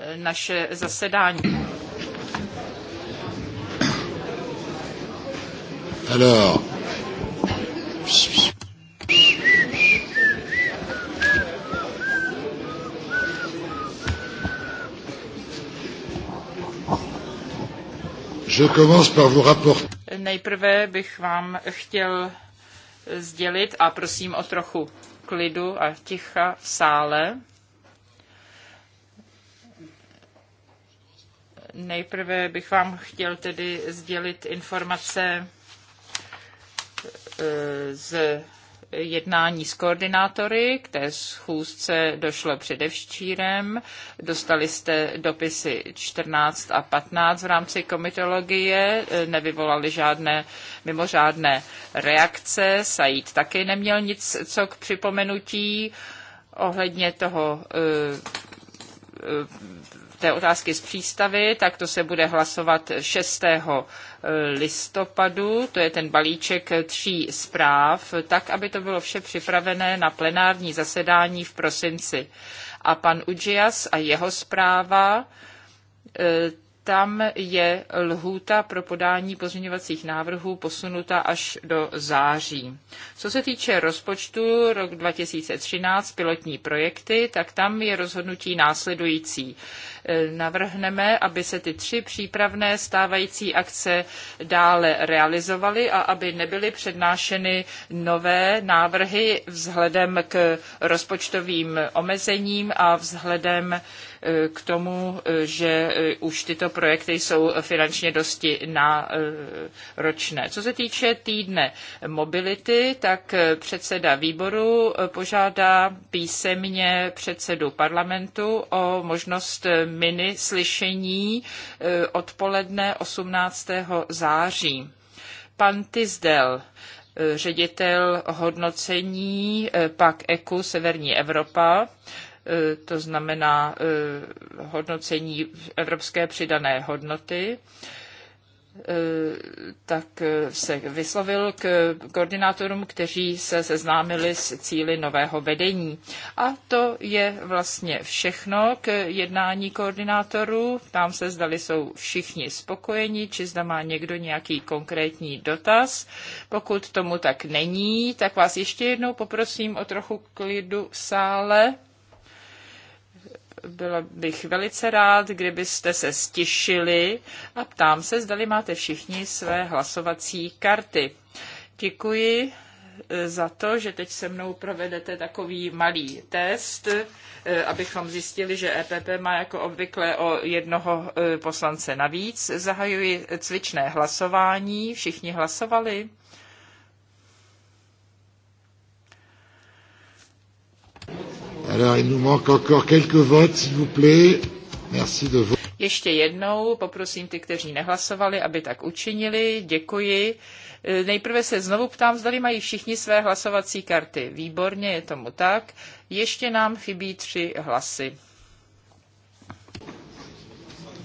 Eh, naše zasedání. Alors. Je commence par vous rapporter. Nejprve bych vám chtěl sdělit a prosím o trochu klidu a ticha v sále. Nejprve bych vám chtěl tedy sdělit informace e, z jednání s koordinátory, k té schůzce došlo předevčírem. Dostali jste dopisy 14 a 15 v rámci komitologie, e, nevyvolali žádné mimořádné reakce, Said taky neměl nic co k připomenutí ohledně toho e, té otázky z přístavy, tak to se bude hlasovat 6. E, listopadu, to je ten balíček tří zpráv, tak, aby to bylo vše připravené na plenární zasedání v prosinci. A pan Udžias a jeho zpráva, e, tam je lhůta pro podání pozměňovacích návrhů posunuta až do září. Co se týče rozpočtu rok 2013, pilotní projekty, tak tam je rozhodnutí následující. E, navrhneme, aby se ty tři přípravné stávající akce dále realizovaly a aby nebyly přednášeny nové návrhy vzhledem k rozpočtovým omezením a vzhledem k tomu, že eh, už tyto projekty jsou finančně dosti náročné. Eh, Co se týče týdne mobility, tak eh, předseda výboru požádá písemně předsedu parlamentu o možnost mini slyšení odpoledne 18. září. Pan Tisdel, ředitel hodnocení pak EKU Severní Evropa, E, to znamená e, hodnocení evropské přidané hodnoty, e, tak se vyslovil k koordinátorům, kteří se seznámili s cíly nového vedení. A to je vlastně všechno k jednání koordinátorů. Tam se zdali jsou všichni spokojeni, či zda má někdo nějaký konkrétní dotaz. Pokud tomu tak není, tak vás ještě jednou poprosím o trochu klidu v sále. Byla bych velice rád, kdybyste se stišili a ptám se, zdali máte všichni své hlasovací karty. Děkuji eh, za to, že teď se mnou provedete takový malý test, eh, abychom zjistili, že EPP má jako obvykle o jednoho eh, poslance navíc. Zahajuji cvičné hlasování. Všichni hlasovali? Alors, il nous manque encore quelques votes, s'il vous plaît. Merci de vous. Ještě jednou poprosím ty, kteří nehlasovali, aby tak učinili. Děkuji. Eh, nejprve se znovu ptám, zdali mají všichni své hlasovací karty. Výborně, je tomu tak. Ještě nám chybí tři hlasy.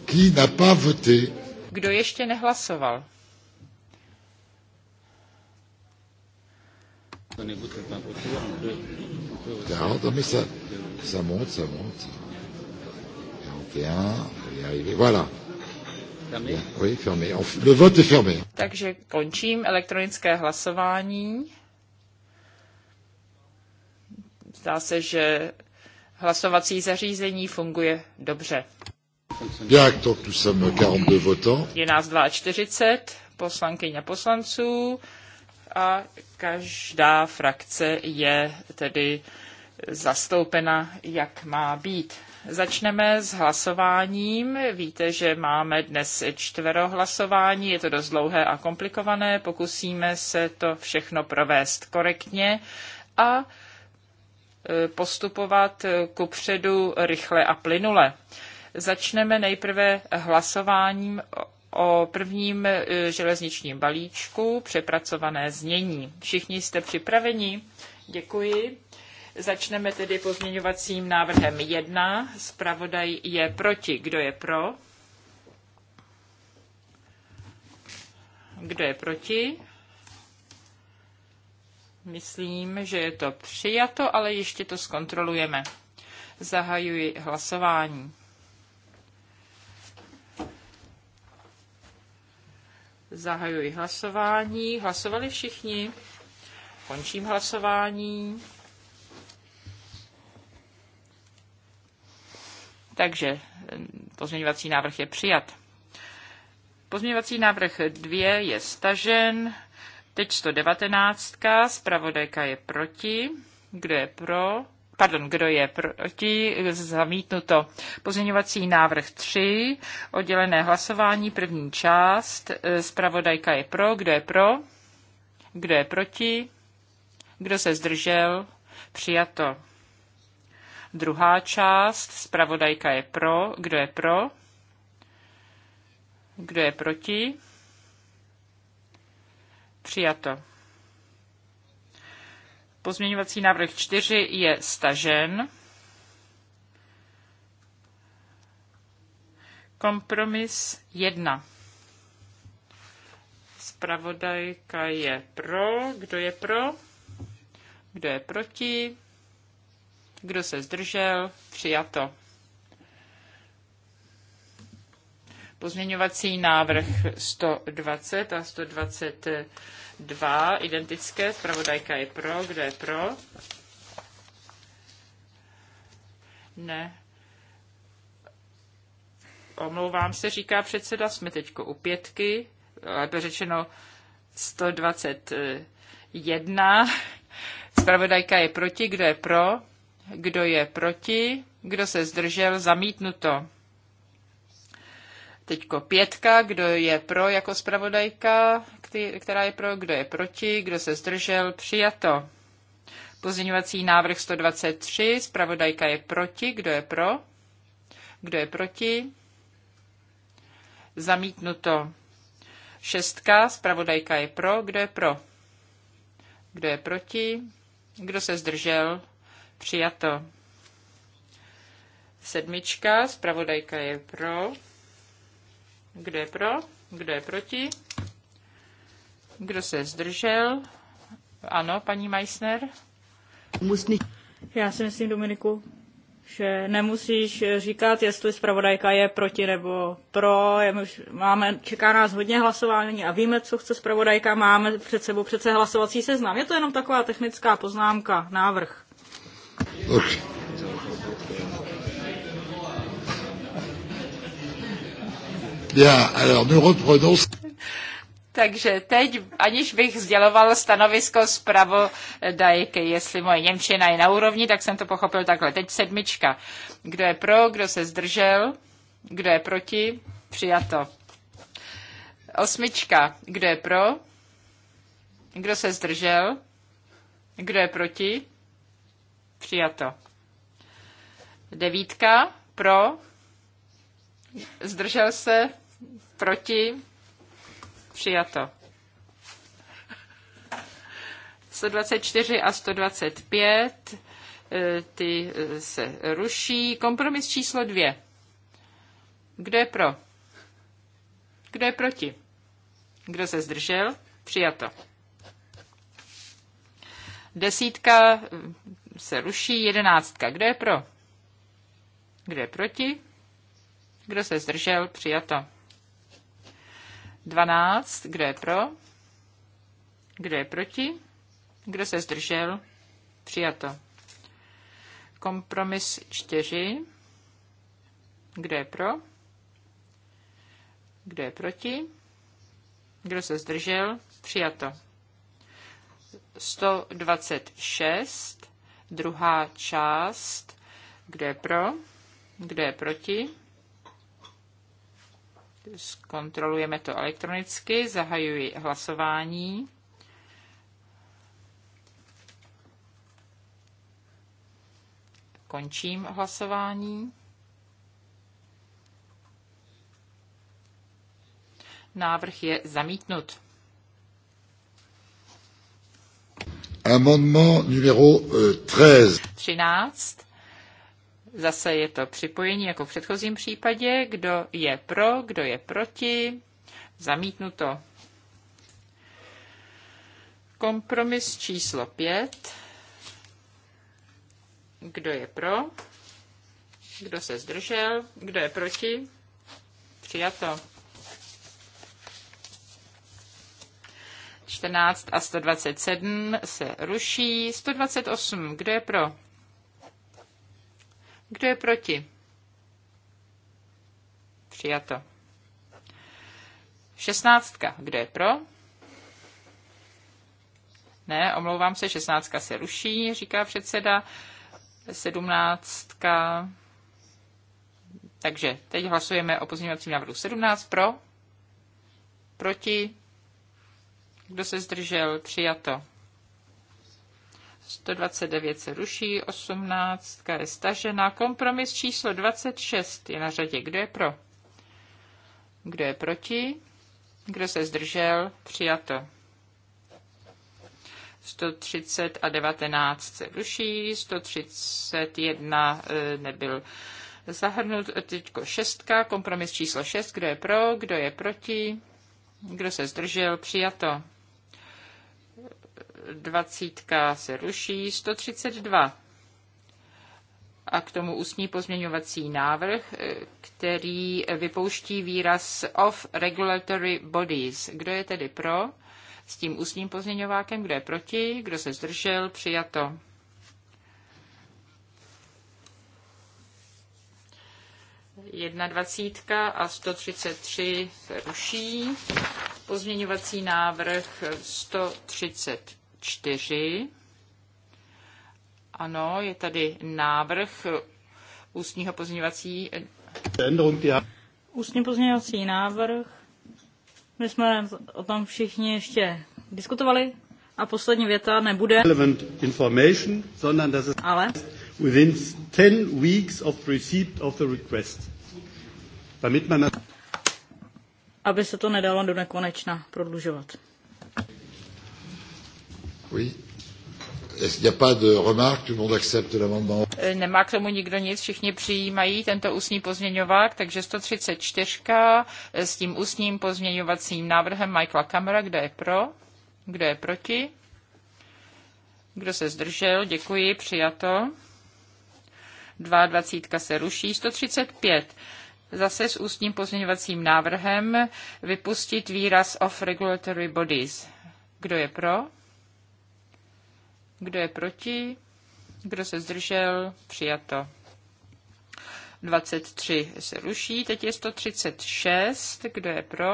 Kdo ještě nehlasoval? Kdo ještě nehlasoval? To nebude 40, mais ça, ça monte, ça monte. 41, on Voilà. Oui, fermé. Le vote est fermé. Takže končím elektronické hlasování. Zdá se, že hlasovací zařízení funguje dobře. 42 votants. Je nás 42 poslankyň a poslanců a každá frakce je tedy zastoupena, jak má být. Začneme s hlasováním. Víte, že máme dnes čtvero hlasování, je to dost dlouhé a komplikované, pokusíme se to všechno provést korektně a e, postupovat kupředu rychle a plynule. Začneme nejprve hlasováním o prvním e, železničním balíčku, přepracované znění. Všichni jste připraveni? Děkuji. Začneme tedy pozměňovacím návrhem 1. Spravodaj je proti. Kdo je pro? Kdo je proti? Myslím, že je to přijato, ale ještě to zkontrolujeme. Zahajuji hlasování. Zahajuji hlasování. Hlasovali všichni. Končím hlasování. Takže eh, pozměňovací návrh je přijat. Pozměňovací návrh 2 je stažen. Teď 119. Zpravodajka je proti. Kdo je pro? pardon, kdo je proti, zamítnuto. Pozměňovací návrh 3, oddělené hlasování, první část, e, zpravodajka je pro, kdo je pro, kdo je proti, kdo se zdržel, přijato. Druhá část, zpravodajka je pro, kdo je pro, kdo je proti, přijato. Pozměňovací návrh 4 je stažen. Kompromis 1. Spravodajka je pro. Kdo je pro? Kdo je proti? Kdo se zdržel? Přijato. Pozměňovací návrh 120 a 120 Dva identické, zpravodajka je pro, kdo je pro? Ne. Omlouvám se, říká předseda, jsme teď u pětky, lépe řečeno 121. Zpravodajka je proti, kdo je pro? Kdo je proti? Kdo se zdržel? Zamítnuto. Teďko pětka, kdo je pro jako zpravodajka, která je pro, kdo je proti, kdo se zdržel, přijato. Pozměňovací návrh 123, zpravodajka je proti, kdo je pro, kdo je proti, zamítnuto. Šestka, zpravodajka je pro, kdo je pro, kdo je proti, kdo se zdržel, přijato. Sedmička, zpravodajka je pro, kdo je pro? Kdo je proti? Kdo se zdržel? Ano, paní Meissner. Musí. Já si myslím, Dominiku, že nemusíš říkat, jestli zpravodajka je proti nebo pro. Máme, čeká nás hodně hlasování a víme, co chce zpravodajka. Máme před sebou přece hlasovací seznam. Je to jenom taková technická poznámka, návrh. Okay. Bien, alors nous reprenons. Takže teď, aniž bych sděloval stanovisko dajky, jestli moje Němčina je na úrovni, tak jsem to pochopil takhle. Teď sedmička. Kdo je pro, kdo se zdržel, kdo je proti, přijato. Osmička. Kdo je pro, kdo se zdržel, kdo je proti, přijato. Devítka. Pro, zdržel se, Proti? Přijato. 124 a 125, eh, ty eh, se ruší. Kompromis číslo 2. Kdo je pro? Kdo je proti? Kdo se zdržel? Přijato. Desítka eh, se ruší, jedenáctka. Kdo je pro? Kdo je proti? Kdo se zdržel? Přijato. 12. Kdo je pro? Kdo je proti? Kdo se zdržel? Přijato. Kompromis 4. Kdo je pro? Kdo je proti? Kdo se zdržel? Přijato. 126. Druhá část. Kdo je pro? Kdo je proti? Zkontrolujeme to elektronicky, zahajuji hlasování. Končím hlasování. Návrh je zamítnut. Amendement numéro 13. Euh, 13. Zase je to připojení jako v předchozím případě, kdo je pro, kdo je proti, zamítnuto. Kompromis číslo 5. Kdo je pro? Kdo se zdržel? Kdo je proti? Přijato. 14 a 127 se ruší. 128. Kdo je pro? Kdo je proti? Přijato. Šestnáctka. Kdo je pro? Ne, omlouvám se, šestnáctka se ruší, říká předseda. Sedmnáctka. Takže teď hlasujeme o pozměňovacím návrhu 17 pro, proti, kdo se zdržel, přijato. 129 se ruší, 18 je stažena. Kompromis číslo 26 je na řadě. Kdo je pro? Kdo je proti? Kdo se zdržel? Přijato. 130 a 19 se ruší, 131 e, nebyl zahrnut, teďko šestka, kompromis číslo 6, kdo je pro, kdo je proti, kdo se zdržel, přijato. 120 se ruší, 132 a k tomu ústní pozměňovací návrh, který vypouští výraz of regulatory bodies. Kdo je tedy pro s tím ústním pozměňovákem, kdo je proti, kdo se zdržel, přijato. Jedna dvacítka a 133 se ruší. Pozměňovací návrh 135. 4. Ano, je tady návrh ústního pozměňovací... Ústní pozměňovací návrh. My jsme o tom všichni ještě diskutovali. A poslední věta nebude ale within 10 weeks of receipt of the request. Damit man aby se to nedalo do nekonečna prodlužovat. Oui. a pas de remarque, tout le monde accepte l'amendement. Eh, nemá k tomu nikdo nic, všichni přijímají tento ústní pozměňovák, takže 134 eh, s tím ústním pozměňovacím návrhem Michaela Kamera, kdo je pro, kdo je proti, kdo se zdržel, děkuji, přijato. 22 se ruší, 135 zase s ústním pozměňovacím návrhem vypustit výraz of regulatory bodies. Kdo je pro? Kdo je proti? Kdo se zdržel? Přijato. 23 se ruší, teď je 136. Kdo je pro?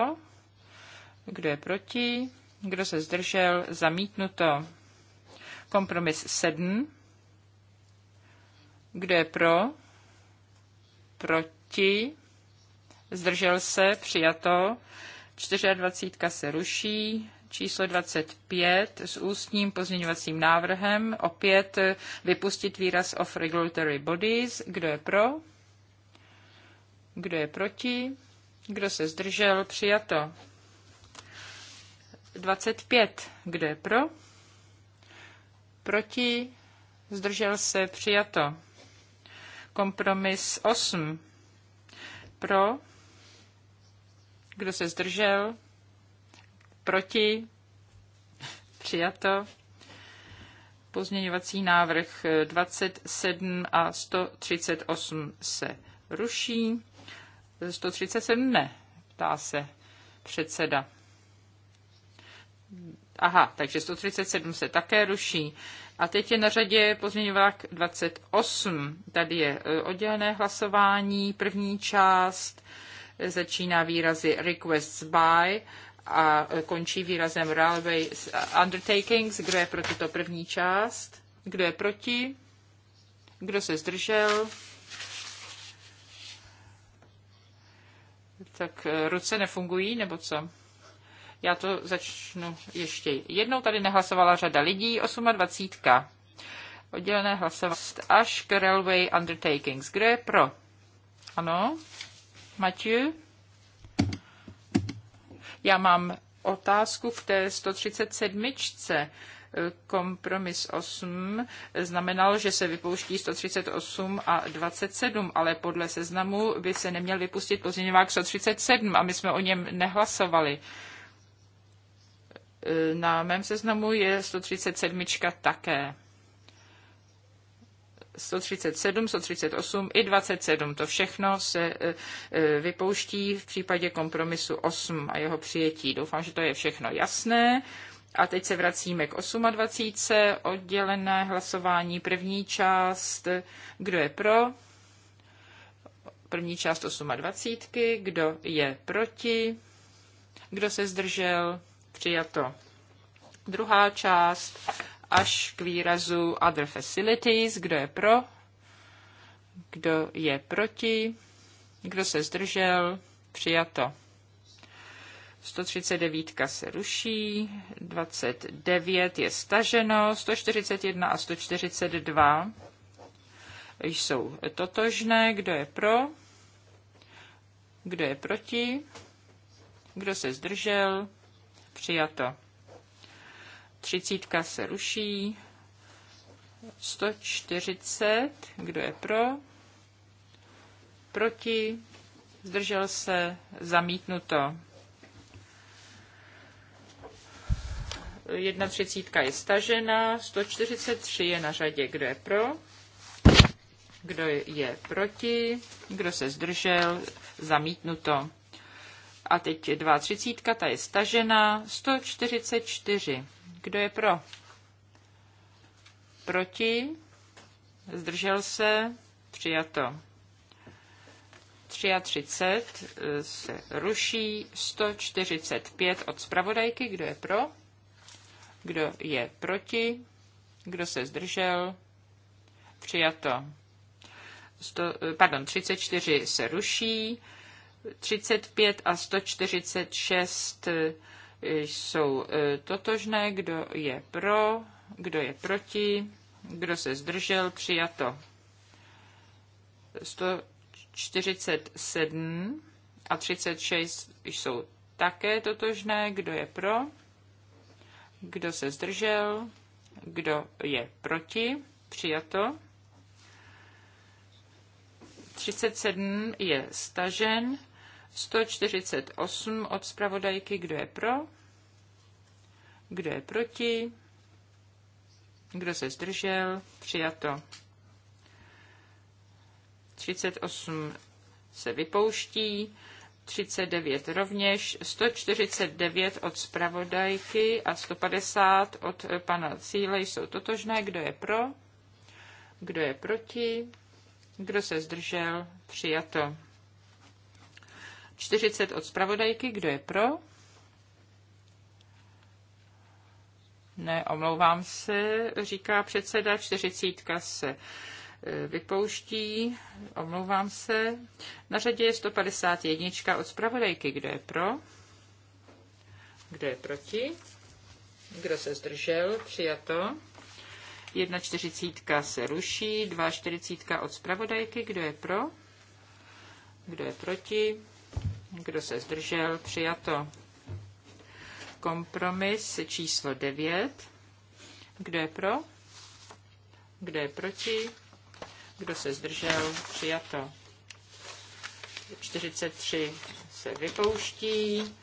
Kdo je proti? Kdo se zdržel? Zamítnuto. Kompromis 7. Kdo je pro? Proti? Zdržel se? Přijato. 24 se ruší číslo 25 s ústním pozměňovacím návrhem opět vypustit výraz of regulatory bodies. Kdo je pro? Kdo je proti? Kdo se zdržel? Přijato. 25. Kdo je pro? Proti? Zdržel se? Přijato. Kompromis 8. Pro? Kdo se zdržel? Proti? Přijato. Pozměňovací návrh 27 eh, a 138 se ruší. 137 ne, ptá se předseda. Aha, takže 137 se také ruší. A teď je na řadě pozměňovák 28. Tady je eh, oddělené hlasování, první část eh, začíná výrazy requests by a končí výrazem Railway Undertakings. Kdo je pro tuto první část? Kdo je proti? Kdo se zdržel? Tak eh, ruce nefungují, nebo co? Já to začnu ještě jednou. Tady nehlasovala řada lidí, 28. Oddělené hlasovat. až k Railway Undertakings. Kdo je pro? Ano? Matěj? Já mám otázku v té 137. Kompromis 8 znamenal, že se vypouští 138 a 27, ale podle seznamu by se neměl vypustit pozměňovák 137 a my jsme o něm nehlasovali. Na mém seznamu je 137 také. 137, 138 i 27. To všechno se e, e, vypouští v případě kompromisu 8 a jeho přijetí. Doufám, že to je všechno jasné. A teď se vracíme k 28. Oddělené hlasování, první část. Kdo je pro? První část 28. Kdo je proti? Kdo se zdržel? Přijato. Druhá část až k výrazu other facilities, kdo je pro, kdo je proti, kdo se zdržel, přijato. 139 se ruší, 29 je staženo, 141 a 142 jsou totožné. Kdo je pro? Kdo je proti? Kdo se zdržel? Přijato. Třicítka se ruší. 140. Kdo je pro? Proti? Zdržel se? Zamítnuto. Jedna třicítka je stažena, 143 je na řadě. Kdo je pro? Kdo je proti? Kdo se zdržel? Zamítnuto. A teď dva třicítka, ta je stažena, 144. Kdo je pro? Proti? Zdržel se? Přijato. 33 e, se ruší, 145 od zpravodajky, kdo je pro, kdo je proti, kdo se zdržel, přijato. 100, e, pardon, 34 se ruší, 35 a 146 jsou e, totožné, kdo je pro, kdo je proti, kdo se zdržel, přijato. 147 a 36 jsou také totožné, kdo je pro, kdo se zdržel, kdo je proti, přijato. 37 je stažen, 148 od zpravodajky, kdo je pro, kdo je proti, kdo se zdržel, přijato. 38 se vypouští, 39 rovněž, 149 od zpravodajky a 150 od pana Cíle jsou totožné. Kdo je pro? Kdo je proti? Kdo se zdržel? Přijato. 40 od zpravodajky, kdo je pro? Ne, omlouvám se, říká předseda, 40 se e, vypouští, omlouvám se. Na řadě je 151 od zpravodajky, kdo je pro? Kdo je proti? Kdo se zdržel? Přijato. čtyřicítka se ruší, čtyřicítka od zpravodajky, kdo je pro? Kdo je proti? Kdo se zdržel? Přijato. Kompromis číslo 9. Kdo je pro? Kdo je proti? Kdo se zdržel? Přijato. 43 se vypouští.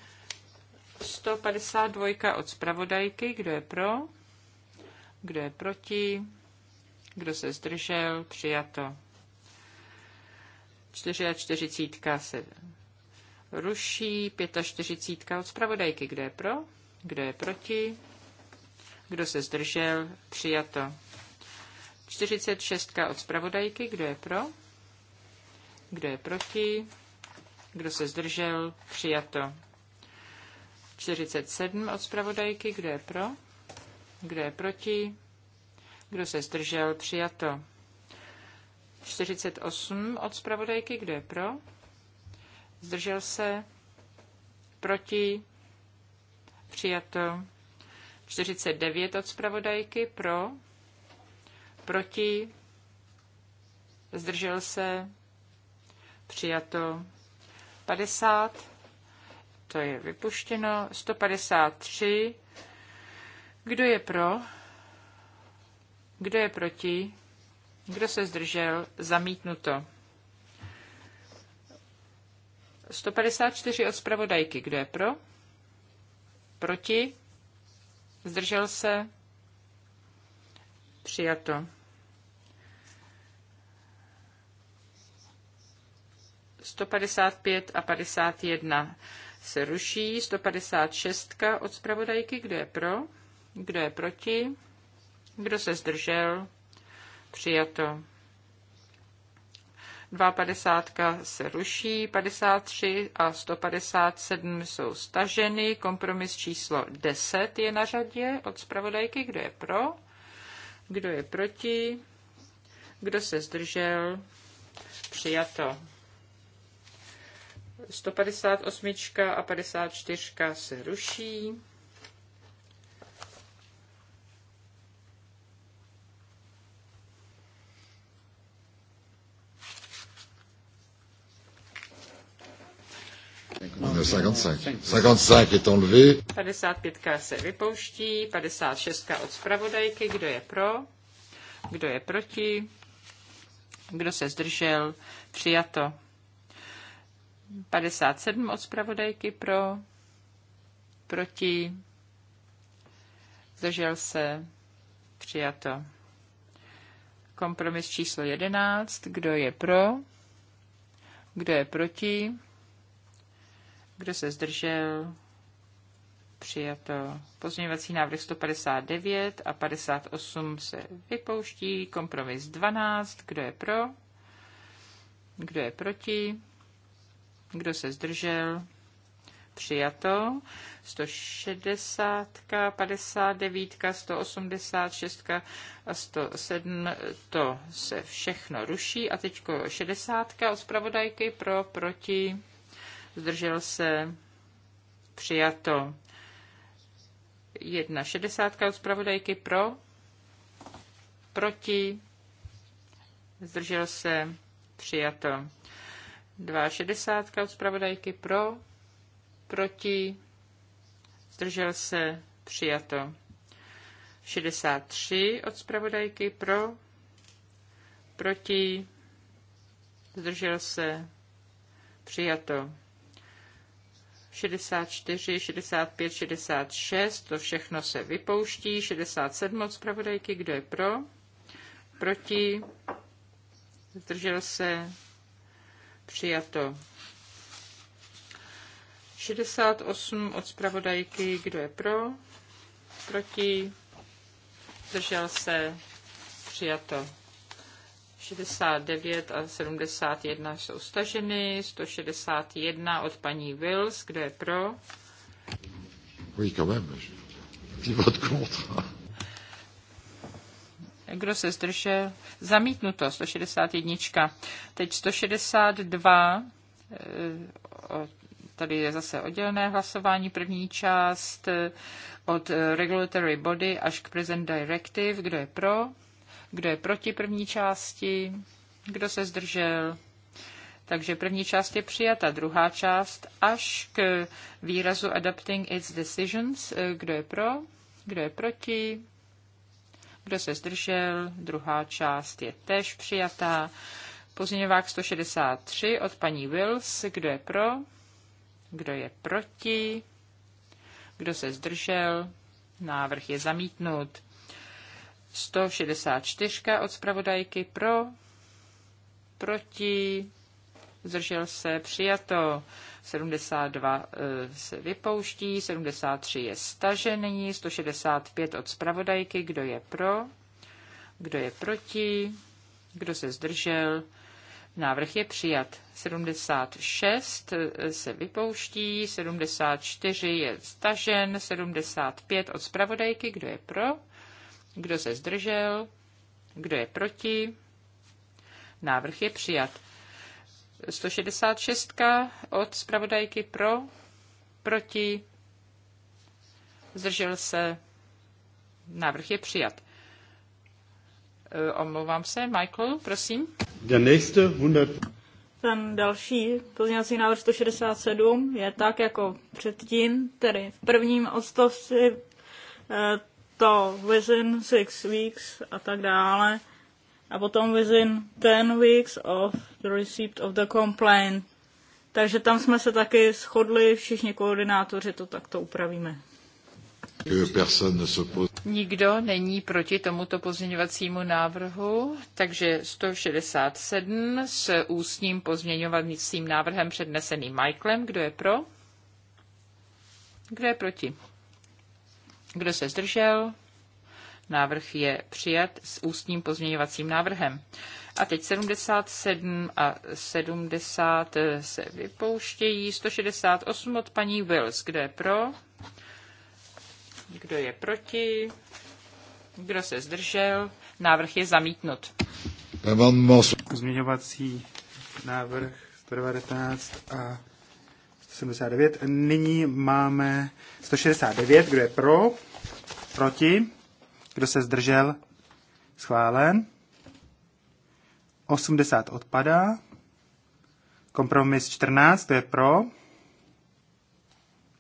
152 od zpravodajky. Kdo je pro? Kdo je proti? Kdo se zdržel? Přijato. 44 se ruší. 45 od zpravodajky. Kdo je pro? Kdo je proti? Kdo se zdržel? Přijato. 46 od zpravodajky. Kdo je pro? Kdo je proti? Kdo se zdržel? Přijato. 47 od zpravodajky. Kdo je pro? Kdo je proti? Kdo se zdržel? Přijato. 48 od zpravodajky. Kdo je pro? zdržel se, proti, přijato 49 od zpravodajky, pro, proti, zdržel se, přijato 50, to je vypuštěno, 153, kdo je pro, kdo je proti, kdo se zdržel, zamítnuto. 154 od zpravodajky. Kdo je pro? Proti? Zdržel se? Přijato. 155 a 51 se ruší. 156 od zpravodajky. Kdo je pro? Kdo je proti? Kdo se zdržel? Přijato. 250 se ruší, 53 a 157 jsou staženy, kompromis číslo 10 je na řadě od zpravodajky, kdo je pro, kdo je proti, kdo se zdržel, přijato. 158 a 54 se ruší. 55. 55 je enlevé. 55 se vypouští, 56 od zpravodajky. Kdo je pro? Kdo je proti? Kdo se zdržel? Přijato. 57 od zpravodajky pro, proti, zdržel se, přijato. Kompromis číslo 11, kdo je pro, kdo je proti, kdo se zdržel? Přijato. Pozměňovací návrh 159 a 58 se vypouští. Kompromis 12. Kdo je pro? Kdo je proti? Kdo se zdržel? Přijato. 160, 59, 186 a 107, to se všechno ruší. A teď 60 od zpravodajky pro, proti, zdržel se, přijato. 1,60 od zpravodajky pro, proti, zdržel se, přijato. 2,60 od zpravodajky pro, proti, zdržel se, přijato. 63 od zpravodajky pro, proti, zdržel se, přijato. 64, 65, 66, to všechno se vypouští. 67 od zpravodajky, kdo je pro? Proti? Zdržel se? Přijato. 68 od zpravodajky, kdo je pro? Proti? Zdržel se? Přijato. 69 a 71 jsou staženy, 161 od paní Wills, kde je pro? Oui, quand même. Qui vote Kdo se zdržel? Zamítnuto, 161. Teď 162. Eh, tady je zase oddělené hlasování. První část eh, od regulatory body až k present directive. Kdo je pro? Kdo je proti první části? Kdo se zdržel? Takže první část je přijata, druhá část až k výrazu adapting its decisions. Eh, Kdo je pro? Kdo je proti? Kdo se zdržel? Druhá část je tež přijatá. Pozměňovák 163 od paní Wills. Kdo je pro? Kdo je proti? Kdo se zdržel? Návrh je zamítnut. 164 od zpravodajky pro, proti, zdržel se, přijato. 72 eh, se vypouští, 73 je stažený, 165 od zpravodajky, kdo je pro, kdo je proti, kdo se zdržel. Návrh je přijat. 76 eh, se vypouští, 74 je stažen, 75 od zpravodajky, kdo je pro, kdo se zdržel? Kdo je proti? Návrh je přijat. 166 od zpravodajky pro, proti, zdržel se, návrh je přijat. E, omlouvám se, Michael, prosím. Der nächste 100. Ten další pozměňovací návrh 167 je tak jako předtím, tedy v prvním odstavci e, to within six weeks a tak dále. A potom within ten weeks of the receipt of the complaint. Takže tam jsme se taky shodli, všichni koordinátoři to takto upravíme. Nikdo není proti tomuto pozměňovacímu návrhu, takže 167 s ústním pozměňovacím návrhem předneseným Michaelem. Kdo je pro? Kdo je proti? Kdo se zdržel? Návrh je přijat s ústním pozměňovacím návrhem. A teď 77 a 70 se vypouštějí. 168 od paní Wills. Kdo je pro? Kdo je proti? Kdo se zdržel? Návrh je zamítnut. Pozměňovací návrh 119 a 79. Nyní máme 169. Kdo je pro? Proti? Kdo se zdržel? Schválen. 80 odpadá. Kompromis 14, Kdo je pro.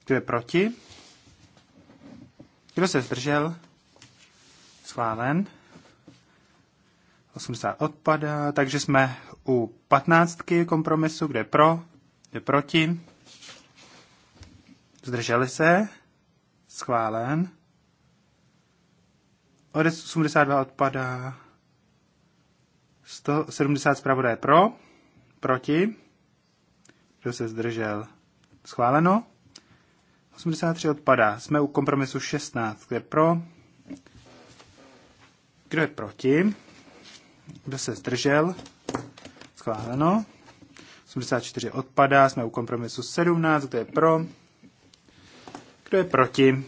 Kdo je proti? Kdo se zdržel? Schválen. 80 odpadá, takže jsme u 15 kompromisu, kde je pro, kde je proti, Zdrželi se? Schválen. Odec 82 odpadá. 170 zpravodaje pro. Proti. Kdo se zdržel? Schváleno. 83 odpadá. Jsme u kompromisu 16. je pro? Kdo je proti? Kdo se zdržel? Schváleno. 84 odpadá. Jsme u kompromisu 17. Kdo je pro? Kdo je proti?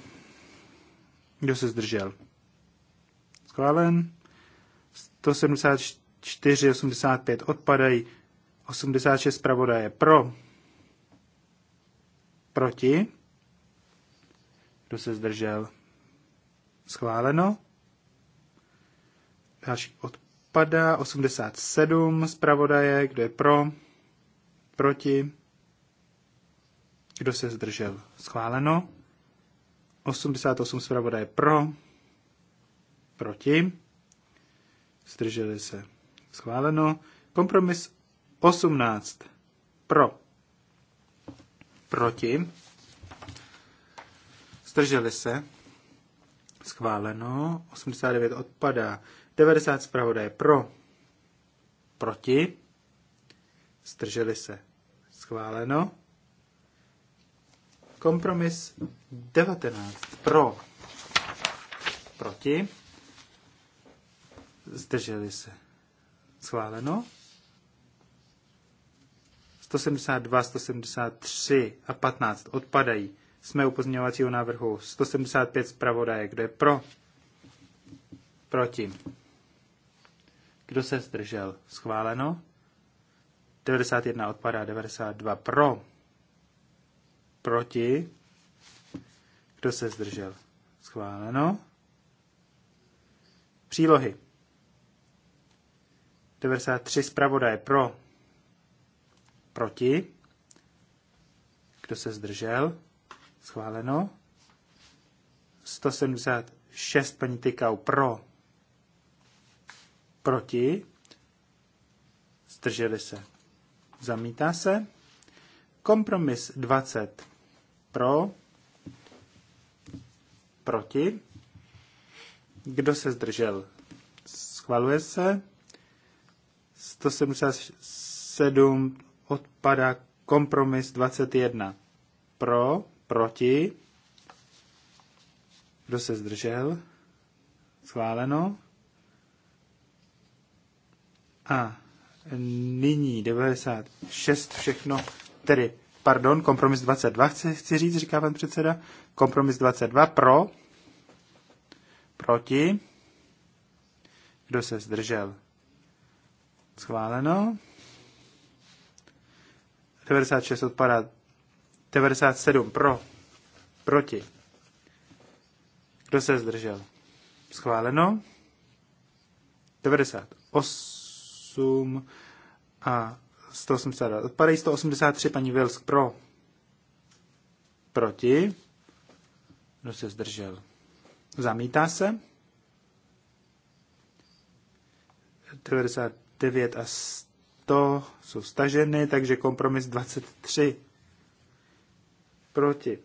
Kdo se zdržel? Schválen. 174, 85 odpadají. 86 zpravodaje pro. Proti. Kdo se zdržel? Schváleno. Další odpadá. 87 zpravodaje. Kdo je pro? Proti. Kdo se zdržel? Schváleno. 88 zpravodaje pro, proti, zdrželi se schváleno. Kompromis 18 pro, proti, zdrželi se schváleno. 89 odpadá. 90 zpravodaje pro, proti, zdrželi se schváleno. Kompromis 19. Pro. Proti. Zdrželi se. Schváleno. 172, 173 a 15 odpadají. Jsme u pozměňovacího návrhu 175 zpravodaje. Kdo je pro? Proti. Kdo se zdržel? Schváleno. 91 odpadá, 92 pro Proti? Kdo se zdržel? Schváleno. Přílohy. 93 zpravodaje pro. Proti. Kdo se zdržel? Schváleno. 176 paní Tykau pro. Proti. Zdrželi se. Zamítá se. Kompromis 20 pro, proti, kdo se zdržel, schvaluje se, 177 odpada kompromis 21 pro, proti, kdo se zdržel, schváleno. A nyní 96 všechno, tedy pardon, kompromis 22, chci, chci říct, říká pan předseda. Kompromis 22 pro, proti, kdo se zdržel. Schváleno. 96 odpadá. 97 pro, proti. Kdo se zdržel? Schváleno. 98 a 182 odpadají, 183 paní Wills pro, proti, kdo se zdržel, zamítá se, 99 a 100 jsou staženy, takže kompromis 23 proti.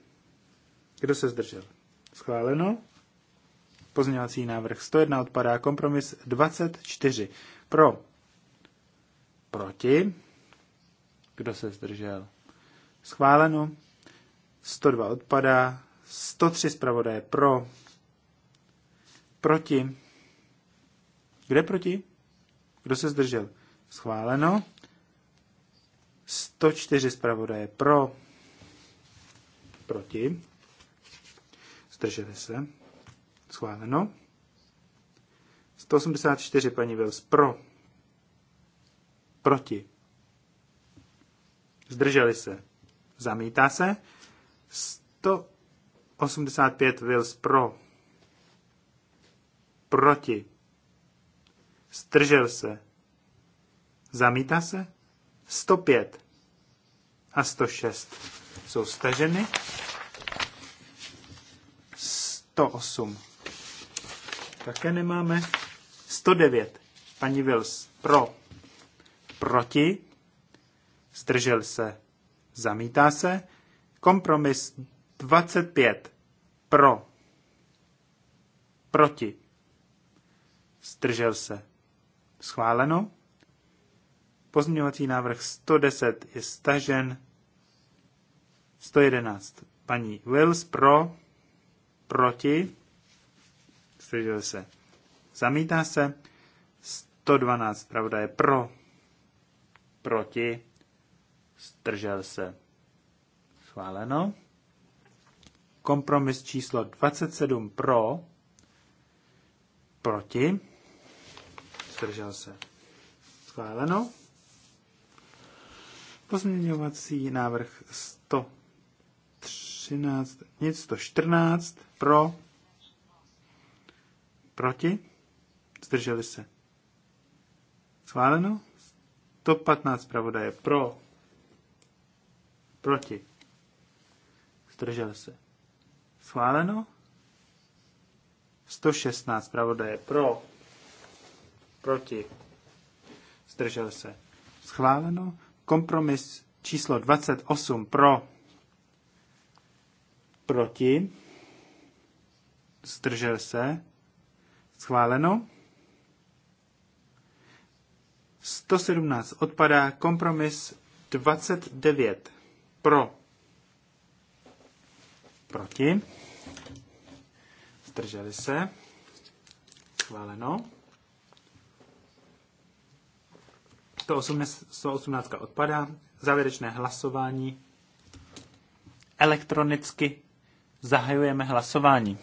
Kdo se zdržel? Schváleno. Pozměňovací návrh 101 odpadá. Kompromis 24 pro. Proti. Kdo se zdržel? Schváleno. 102 odpadá. 103 zpravodaje pro. Proti. Kde proti? Kdo se zdržel? Schváleno. 104 zpravodaje pro. Proti. Zdrželi se. Schváleno. 184 paní Vils pro. Proti zdrželi se, zamítá se. 185 Wills pro, proti, zdržel se, zamítá se. 105 a 106 jsou staženy. 108 také nemáme. 109 paní Wills pro, proti, zdržel se, zamítá se. Kompromis 25 pro, proti, zdržel se, schváleno. Pozměňovací návrh 110 je stažen. 111. Paní Wills pro, proti, zdržel se, zamítá se. 112, pravda je pro, proti, zdržel se. Schváleno. Kompromis číslo 27 pro, proti, zdržel se. Schváleno. Pozměňovací návrh 113, nic 114 pro, proti, zdrželi se. Schváleno. 115 je pro, Proti. Zdržel se. Schváleno. 116 pravodaje pro. Proti. Zdržel se. Schváleno. Kompromis číslo 28 pro. Proti. Zdržel se. Schváleno. 117 odpadá kompromis 29. Pro. Proti. Zdrželi se. chváleno, 118, 118 odpadá. Závěrečné hlasování. Elektronicky zahajujeme hlasování.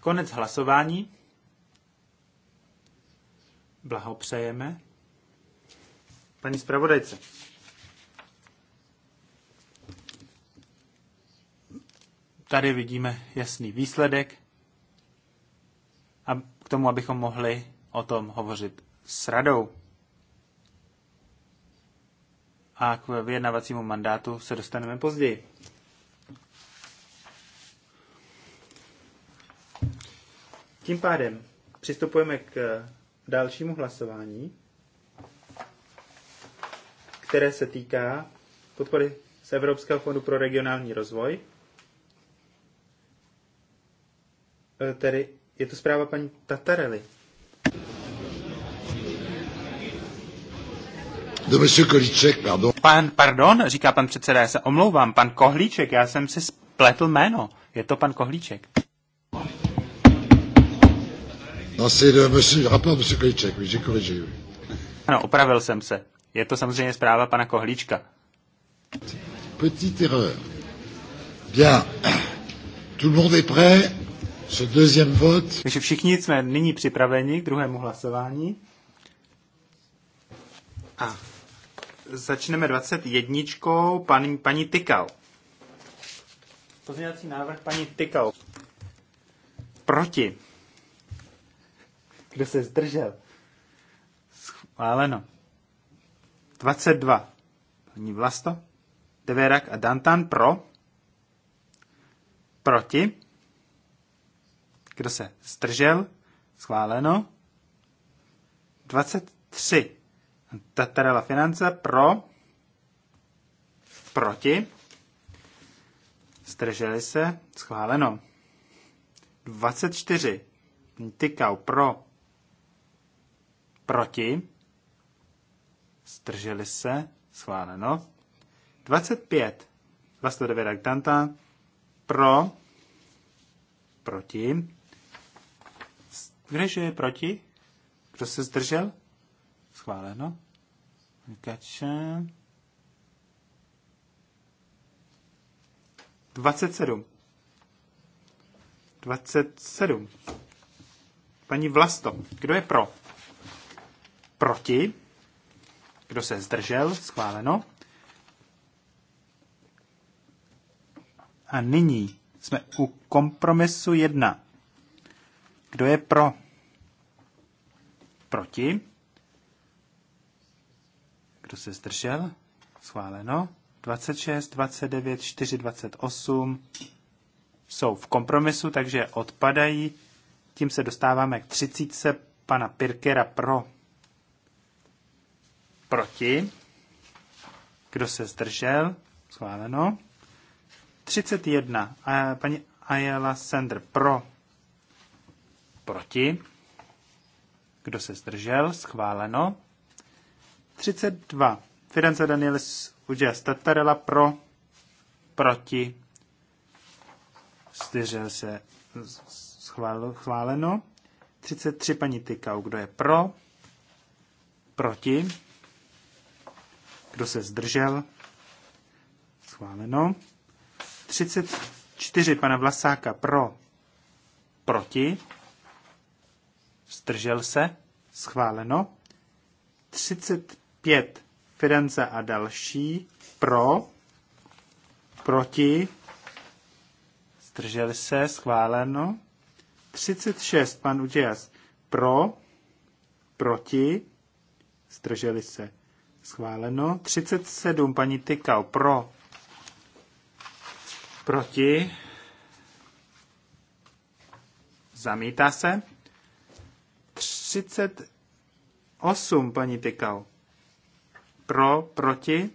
Konec hlasování. Blahopřejeme. Paní zpravodajce. Tady vidíme jasný výsledek a k tomu, abychom mohli o tom hovořit s radou. A k vyjednavacímu mandátu se dostaneme později. Tím pádem přistupujeme k dalšímu hlasování, které se týká podpory z Evropského fondu pro regionální rozvoj. E, tedy je to zpráva paní Tatarely. Do monsieur pardon. Pan, pardon, říká pan předseda, já se omlouvám, pan Kohlíček, já jsem si spletl jméno. Je to pan Kohlíček. No, c'est le, monsieur, le rapport Klíček, víš, že oui, j'ai Ano, opravil jsem se. Je to samozřejmě zpráva pana Kohlíčka. Petit erreur. Bien. Tout le monde est prêt. Ce deuxième vote. Takže všichni jsme nyní připraveni k druhému hlasování. A začneme 21. Paní, paní Tykal. Pozměňovací návrh paní Tykal. Proti. Kdo se zdržel? Schváleno. 22. Paní Vlasto, Deverak a Dantan pro. Proti. Kdo se zdržel? Schváleno. 23. Tatarela Finance pro. Proti. Zdrželi se. Schváleno. 24. Tykau pro. Proti? Strželi se? Schváleno. 25. 29 Dantanta. Pro? Proti? Kdeže je proti? Kdo se zdržel? Schváleno. Kače. 27. 27. Paní Vlasto, kdo je pro? proti, kdo se zdržel, schváleno. A nyní jsme u kompromisu 1. Kdo je pro? Proti? Kdo se zdržel? Schváleno. 26, 29, 4, 28 jsou v kompromisu, takže odpadají. Tím se dostáváme k 30 pana Pirkera pro proti, kdo se zdržel, schváleno. 31, a, paní Ayala Sender pro, proti, kdo se zdržel, schváleno. 32, Firenze Danielis Udělas Statarela pro, proti, zdržel se, schváleno. 33, paní Tykau, kdo je pro, proti, kdo se zdržel? Schváleno. 34 pana Vlasáka pro, proti, zdržel se, schváleno. 35 Firenze a další pro, proti, zdržel se, schváleno. 36 pan Udějas pro, proti, zdrželi se, Schváleno. 37 paní Tykal pro. Proti. Zamítá se. 38 paní Tykal. Pro, proti.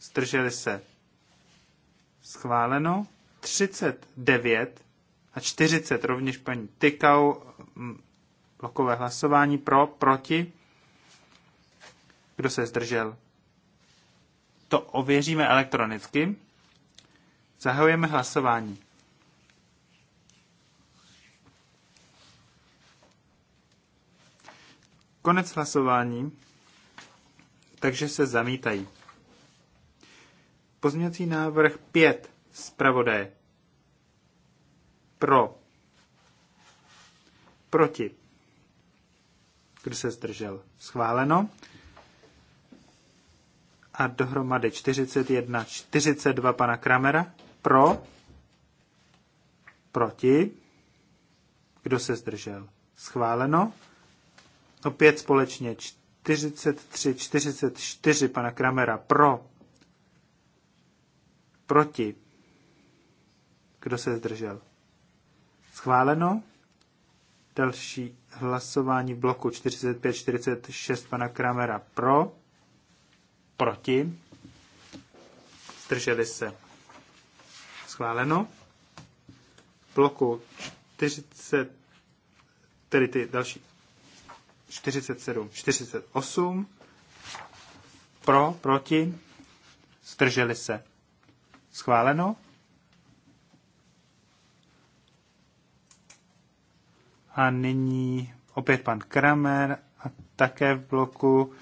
Zdrželi se. Schváleno. 39 a 40 rovněž paní Tykal. Blokové hlasování pro, proti kdo se zdržel? To ověříme elektronicky. Zahajujeme hlasování. Konec hlasování, takže se zamítají. Pozměňovací návrh 5 zpravodaje. Pro. Proti. Kdo se zdržel? Schváleno a dohromady 41, 42 pana Kramera. Pro, proti, kdo se zdržel? Schváleno. Opět společně 43, 44 pana Kramera pro, proti, kdo se zdržel? Schváleno. Další hlasování v bloku 45, 46 pana Kramera pro, Proti? Zdrželi se. Schváleno. Bloku 40, tedy ty další 47, 48. Pro, proti? Zdrželi se. Schváleno. A nyní opět pan Kramer a také v bloku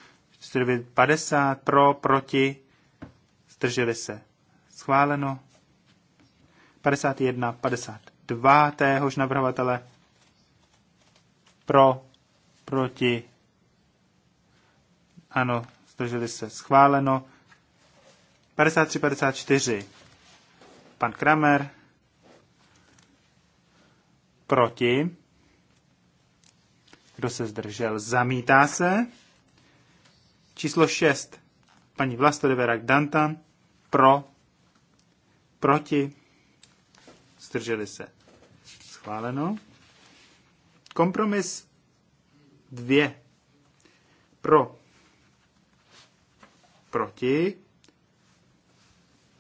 50 pro, proti, zdrželi se. Schváleno. 51, 52 téhož navrhovatele pro, proti, ano, zdrželi se. Schváleno. 53, 54 pan Kramer proti. Kdo se zdržel? Zamítá se. Číslo 6. Paní Vlasta de Vlastodeverak Dantan. Pro. Proti. Zdrželi se. Schváleno. Kompromis 2. Pro. Proti.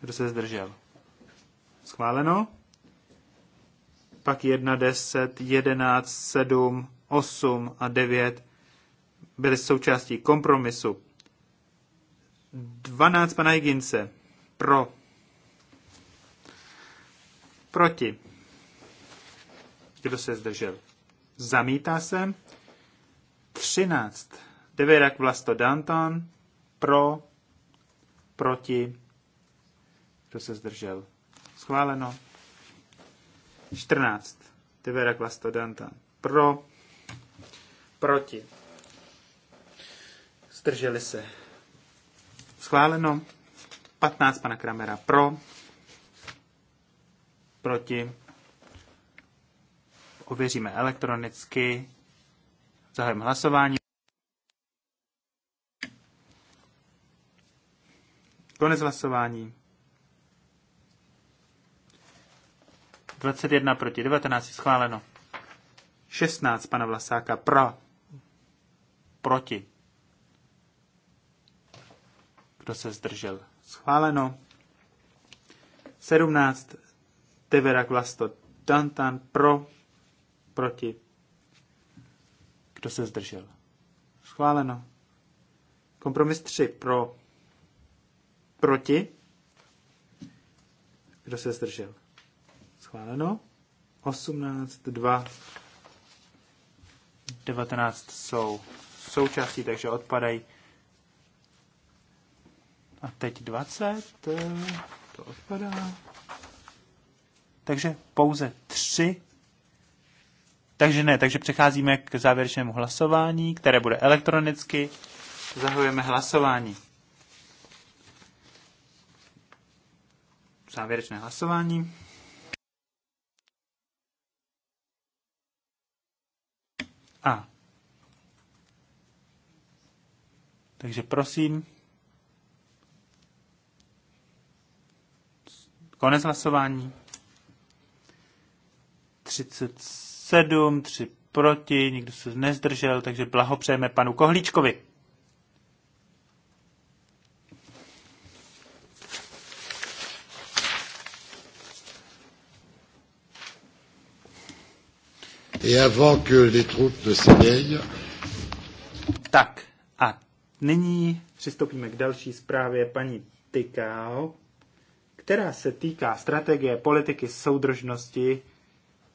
Kdo se zdržel? Schváleno. Pak 1, 10, 11, 7, 8 a 9 byly součástí kompromisu. 12 pana Jigince pro, proti, kdo se zdržel, zamítá se. 13 Deverak Vlasto Danton pro, proti, kdo se zdržel, schváleno. 14 Deverak Vlasto Danton pro, proti, zdrželi se. Schváleno. 15 pana Kramera pro, proti. Ověříme elektronicky. Zahajem hlasování. Konec hlasování. 21 proti 19 schváleno. 16 pana Vlasáka pro. Proti. Kdo se zdržel? Schváleno. 17. Teverak Vlasto Dantan pro, proti. Kdo se zdržel? Schváleno. Kompromis 3 pro, proti. Kdo se zdržel? Schváleno. 18, 2, 19 jsou součástí, takže odpadají a teď 20, eh, to odpadá. Takže pouze 3. Takže ne, takže přecházíme k závěrečnému hlasování, které bude elektronicky. Zahajujeme hlasování. Závěrečné hlasování. A. Takže prosím, Konec hlasování. 37, 3 proti, nikdo se nezdržel, takže blahopřejeme panu Kohlíčkovi. Et avant que les troupes ne s'éveillent. Tak, a nyní přistoupíme k další zprávě paní Tykao která se týká strategie politiky soudržnosti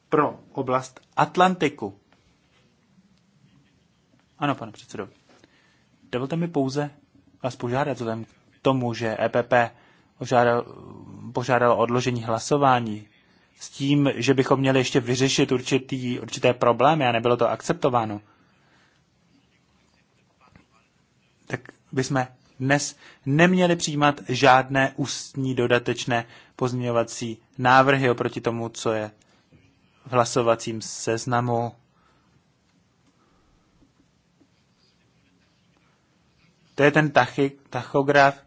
pro oblast Atlantiku. Ano, pane předsedo. Dovolte mi pouze vás požádat vzhledem k tomu, že EPP požádal, požádal odložení hlasování s tím, že bychom měli ještě vyřešit určitý, určité problémy a nebylo to akceptováno, tak bychom dnes neměli přijímat žádné ústní dodatečné pozměňovací návrhy oproti tomu, co je v hlasovacím seznamu. To je ten tachy, tachograf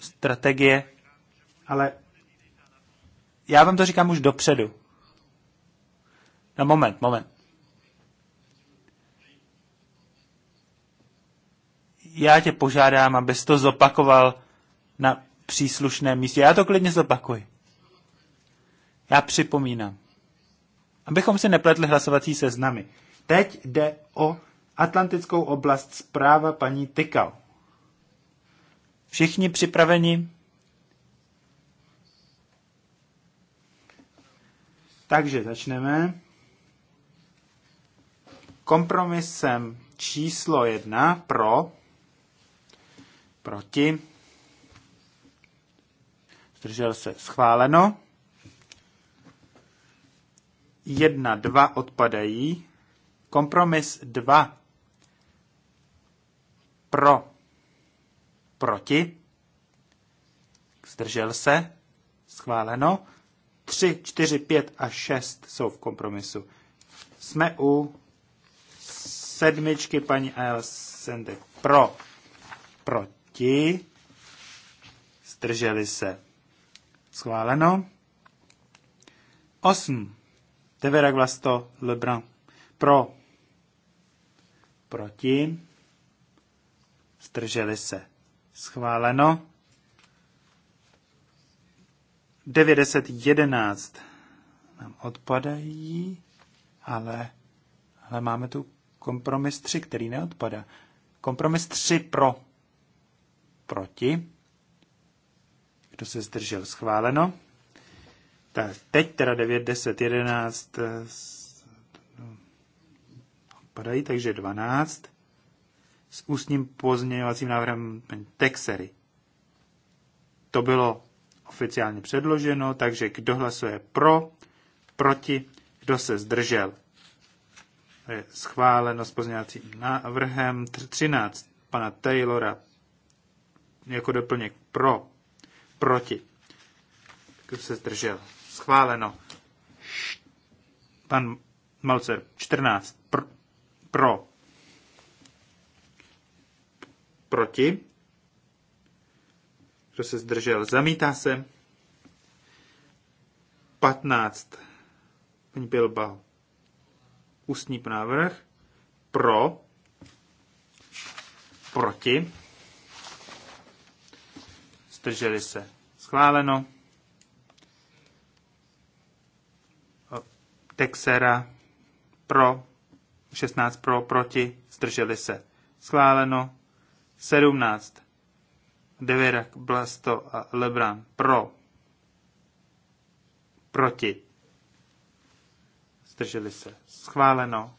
strategie, ale já vám to říkám už dopředu. No moment, moment. já tě požádám, abys to zopakoval na příslušné místě. Já to klidně zopakuji. Já připomínám. Abychom si nepletli hlasovací seznamy. Teď jde o Atlantickou oblast zpráva paní Tykal. Všichni připraveni? Takže začneme. Kompromisem číslo jedna pro, Proti. Zdržel se schváleno. 1, 2 odpadají. Kompromis 2 pro, proti, zdržel se, schváleno. 3, 4, 5 a 6 jsou v kompromisu. Jsme u sedmičky paní Ael pro, Proti proti, zdrželi se. Schváleno. 8. Devera Vlasto Lebrun. Pro. Proti. Zdrželi se. Schváleno. 911 nám odpadají, ale, ale máme tu kompromis 3, který neodpadá. Kompromis 3 pro proti, kdo se zdržel, schváleno. Tak teď teda 9, 10, 11 padají, takže 12 s ústním pozměňovacím návrhem Texery. To bylo oficiálně předloženo, takže kdo hlasuje pro, proti, kdo se zdržel. To je schváleno s pozměňovacím návrhem 13 pana Taylora jako doplněk pro, proti. Kdo se zdržel? Schváleno. Pan Malcer, 14. Pr, pro. Proti. Kdo se zdržel? Zamítá se. 15. Paní Bilba. Ústní návrh. Pro. Proti zdrželi se. Schváleno. Texera pro, 16 pro, proti, zdrželi se. Schváleno. 17. Deverak, Blasto a Lebran pro, proti, zdrželi se. Schváleno.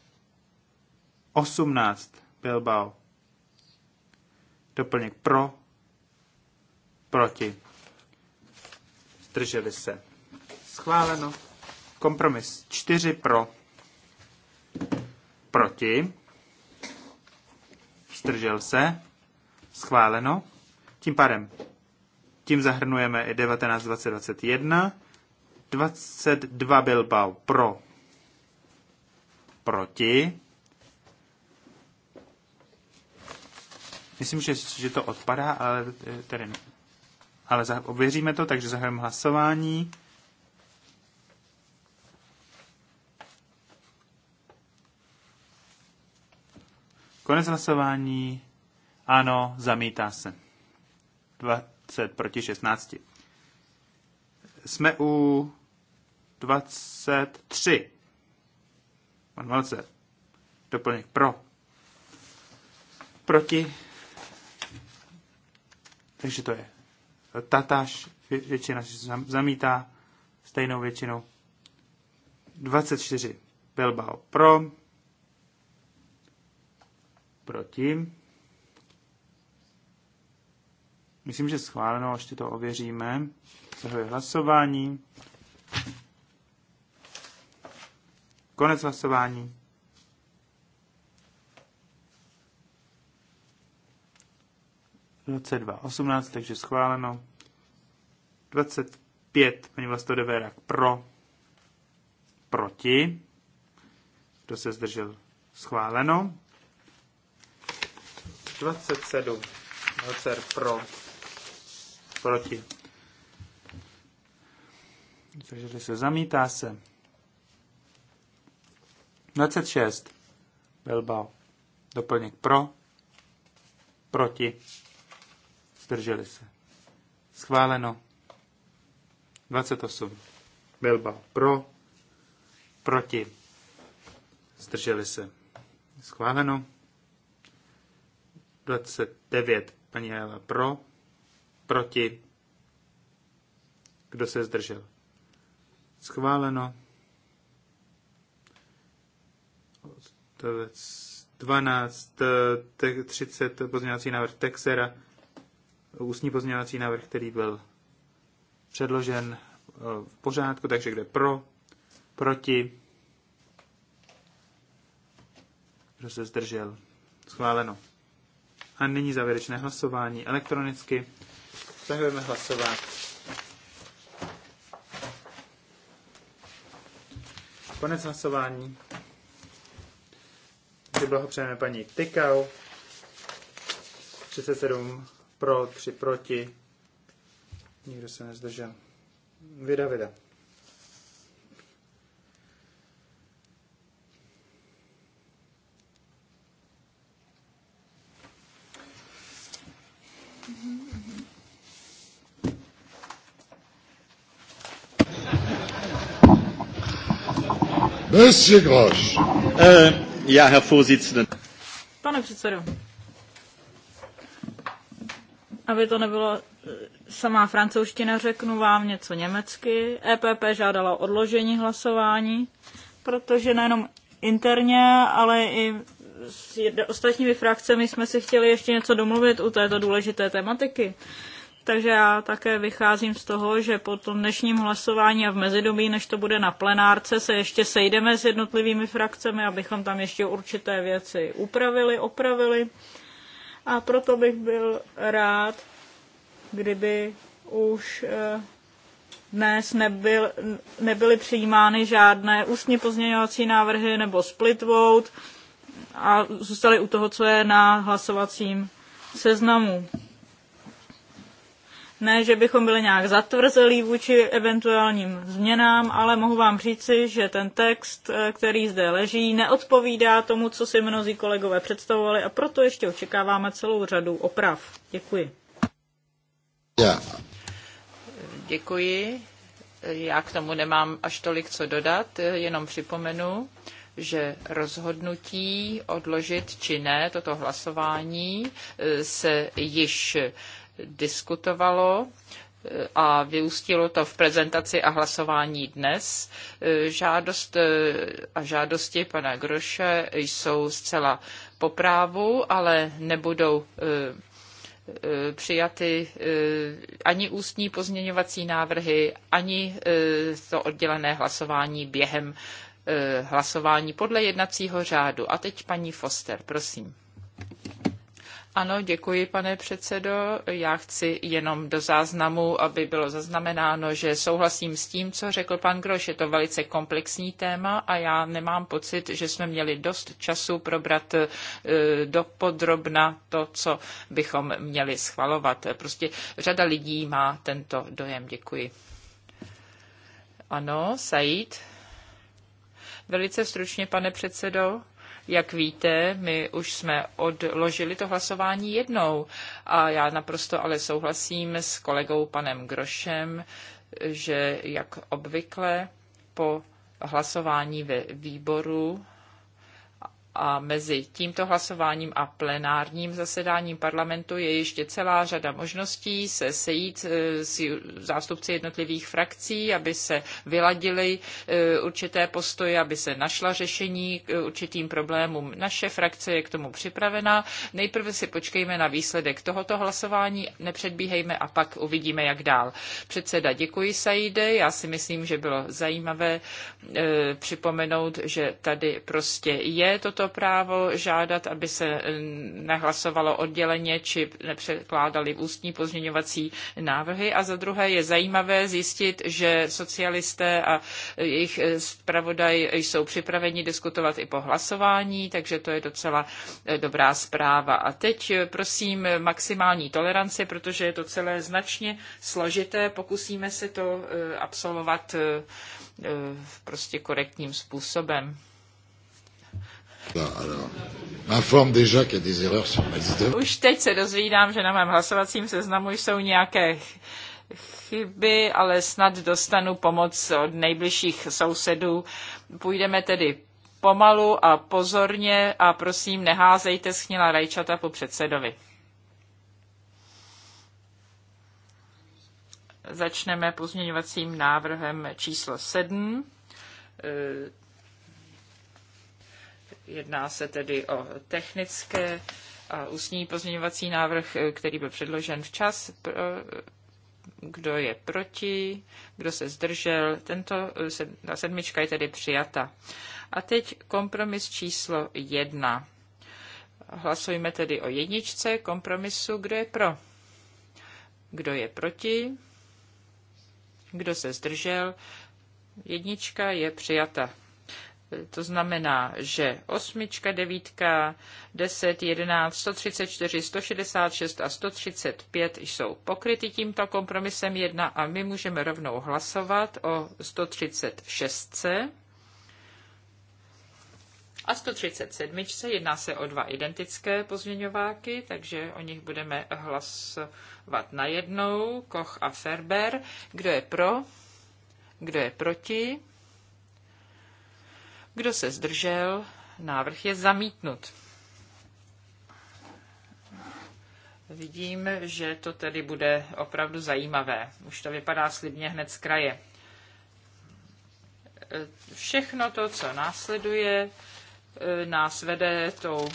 18. Bilbao. Doplněk pro, proti, zdrželi se. Schváleno. Kompromis čtyři pro, proti, zdržel se, schváleno. Tím pádem, tím zahrnujeme i 19, 20, 21. 22 Bilbao pro, proti. Myslím, že, že to odpadá, ale eh, tedy ale ověříme to, takže zahajujeme hlasování. Konec hlasování. Ano, zamítá se. 20 proti 16. Jsme u 23. Pan Valce. Doplněk pro. Proti. Takže to je tatáž většina zamítá stejnou většinou. 24 Bilbao pro, proti. Myslím, že schváleno, ještě to ověříme. Zahajuje hlasování. Konec hlasování. roce 2018, takže schváleno. 25, paní Vlastodovérak pro, proti, kdo se zdržel, schváleno. 27, Helcer pro, proti. Zdrželi se, zamítá se. 26, Bilbao, doplněk pro, proti, zdrželi se. Schváleno. 28. Bilba pro, proti, zdrželi se. Schváleno. 29. Paní Jela pro, proti, kdo se zdržel. Schváleno. Odstavec 12, 30 pozměňovací návrh Texera, ústní pozměňovací návrh, který byl předložen eh, v pořádku, takže kde pro, proti, kdo se zdržel, schváleno. A nyní závěrečné hlasování elektronicky. Tak budeme hlasovat. Konec hlasování. Kdy blahopřejeme paní Tykau. 37 pro, 3 proti. Nikdo se nezdržel. Vy, Davide. Monsieur Grosch. Äh, Herr Vorsitzender. Pane předsedo, aby to nebylo samá francouzština řeknu vám něco německy. EPP žádala odložení hlasování, protože nejenom interně, ale i s ostatními frakcemi jsme si chtěli ještě něco domluvit u této důležité tematiky. Takže já také vycházím z toho, že po tom dnešním hlasování a v mezidobí, než to bude na plenárce, se ještě sejdeme s jednotlivými frakcemi, abychom tam ještě určité věci upravili, opravili. A proto bych byl rád, kdyby už eh, dnes nebyl, nebyly přijímány žádné ústní pozměňovací návrhy nebo split vote a zůstali u toho, co je na hlasovacím seznamu. Ne, že bychom byli nějak zatvrzelí vůči eventuálním změnám, ale mohu vám říci, že ten text, eh, který zde leží, neodpovídá tomu, co si mnozí kolegové představovali a proto ještě očekáváme celou řadu oprav. Děkuji. Yeah. Děkuji. Já k tomu nemám až tolik co dodat, jenom připomenu, že rozhodnutí odložit či ne toto hlasování eh, se již diskutovalo eh, a vyústilo to v prezentaci a hlasování dnes. Eh, žádost a žádosti pana Groše jsou zcela po právu, ale nebudou E, přijaty e, ani ústní pozměňovací návrhy, ani e, to oddělené hlasování během hlasování podle jednacího řádu. A teď paní Foster, prosím. Ano, děkuji, pane předsedo. Já chci jenom do záznamu, aby bylo zaznamenáno, že souhlasím s tím, co řekl pan Groš. Je to velice komplexní téma a já nemám pocit, že jsme měli dost času probrat eh, dopodrobna to, co bychom měli schvalovat. Prostě řada lidí má tento dojem. Děkuji. Ano, Said. Velice stručně, pane předsedo. Jak víte, my už jsme odložili to hlasování jednou a já naprosto ale souhlasím s kolegou panem Grošem, že jak obvykle po hlasování ve výboru a mezi tímto hlasováním a plenárním zasedáním parlamentu je ještě celá řada možností se sejít eh, s zástupci jednotlivých frakcí, aby se vyladili eh, určité postoje, aby se našla řešení k určitým problémům. Naše frakce je k tomu připravena. Nejprve si počkejme na výsledek tohoto hlasování, nepředbíhejme a pak uvidíme, jak dál. Předseda, děkuji Saide. Já si myslím, že bylo zajímavé eh, připomenout, že tady prostě je toto právo žádat, aby se eh, nehlasovalo odděleně či nepřekládali ústní pozměňovací návrhy. A za druhé je zajímavé zjistit, že socialisté a jejich eh, zpravodaj jsou připraveni diskutovat i po hlasování, takže to je docela eh, dobrá zpráva. A teď prosím maximální toleranci, protože je to celé značně složité. Pokusíme se to absolvovat prostě korektním způsobem déjà qu'il y a des erreurs sur ma liste. Už teď se dozvídám, že na mém hlasovacím seznamu jsou nějaké chyby, ale snad dostanu pomoc od nejbližších sousedů. Půjdeme tedy pomalu a pozorně a prosím neházejte schnila rajčata po předsedovi. Začneme pozměňovacím návrhem číslo 7 Jedná se tedy o technické a ústní pozměňovací návrh, eh, který byl předložen včas. Eh, kdo je proti, kdo se zdržel, tento, eh, ta sedmička je tedy přijata. A teď kompromis číslo jedna. Hlasujeme tedy o jedničce kompromisu, kdo je pro, kdo je proti, kdo se zdržel. Jednička je přijata. To znamená, že osmička, devítka, 10, 11, 134, 166 a 135 jsou pokryty tímto kompromisem 1 a my můžeme rovnou hlasovat o 136 a 137. Jedná se o dva identické pozměňováky, takže o nich budeme hlasovat najednou. Koch a Ferber. Kdo je pro? Kdo je proti? Kdo se zdržel? Návrh je zamítnut. Vidím, že to tedy bude opravdu zajímavé. Už to vypadá slibně hned z kraje. Všechno to, co následuje, nás vede tou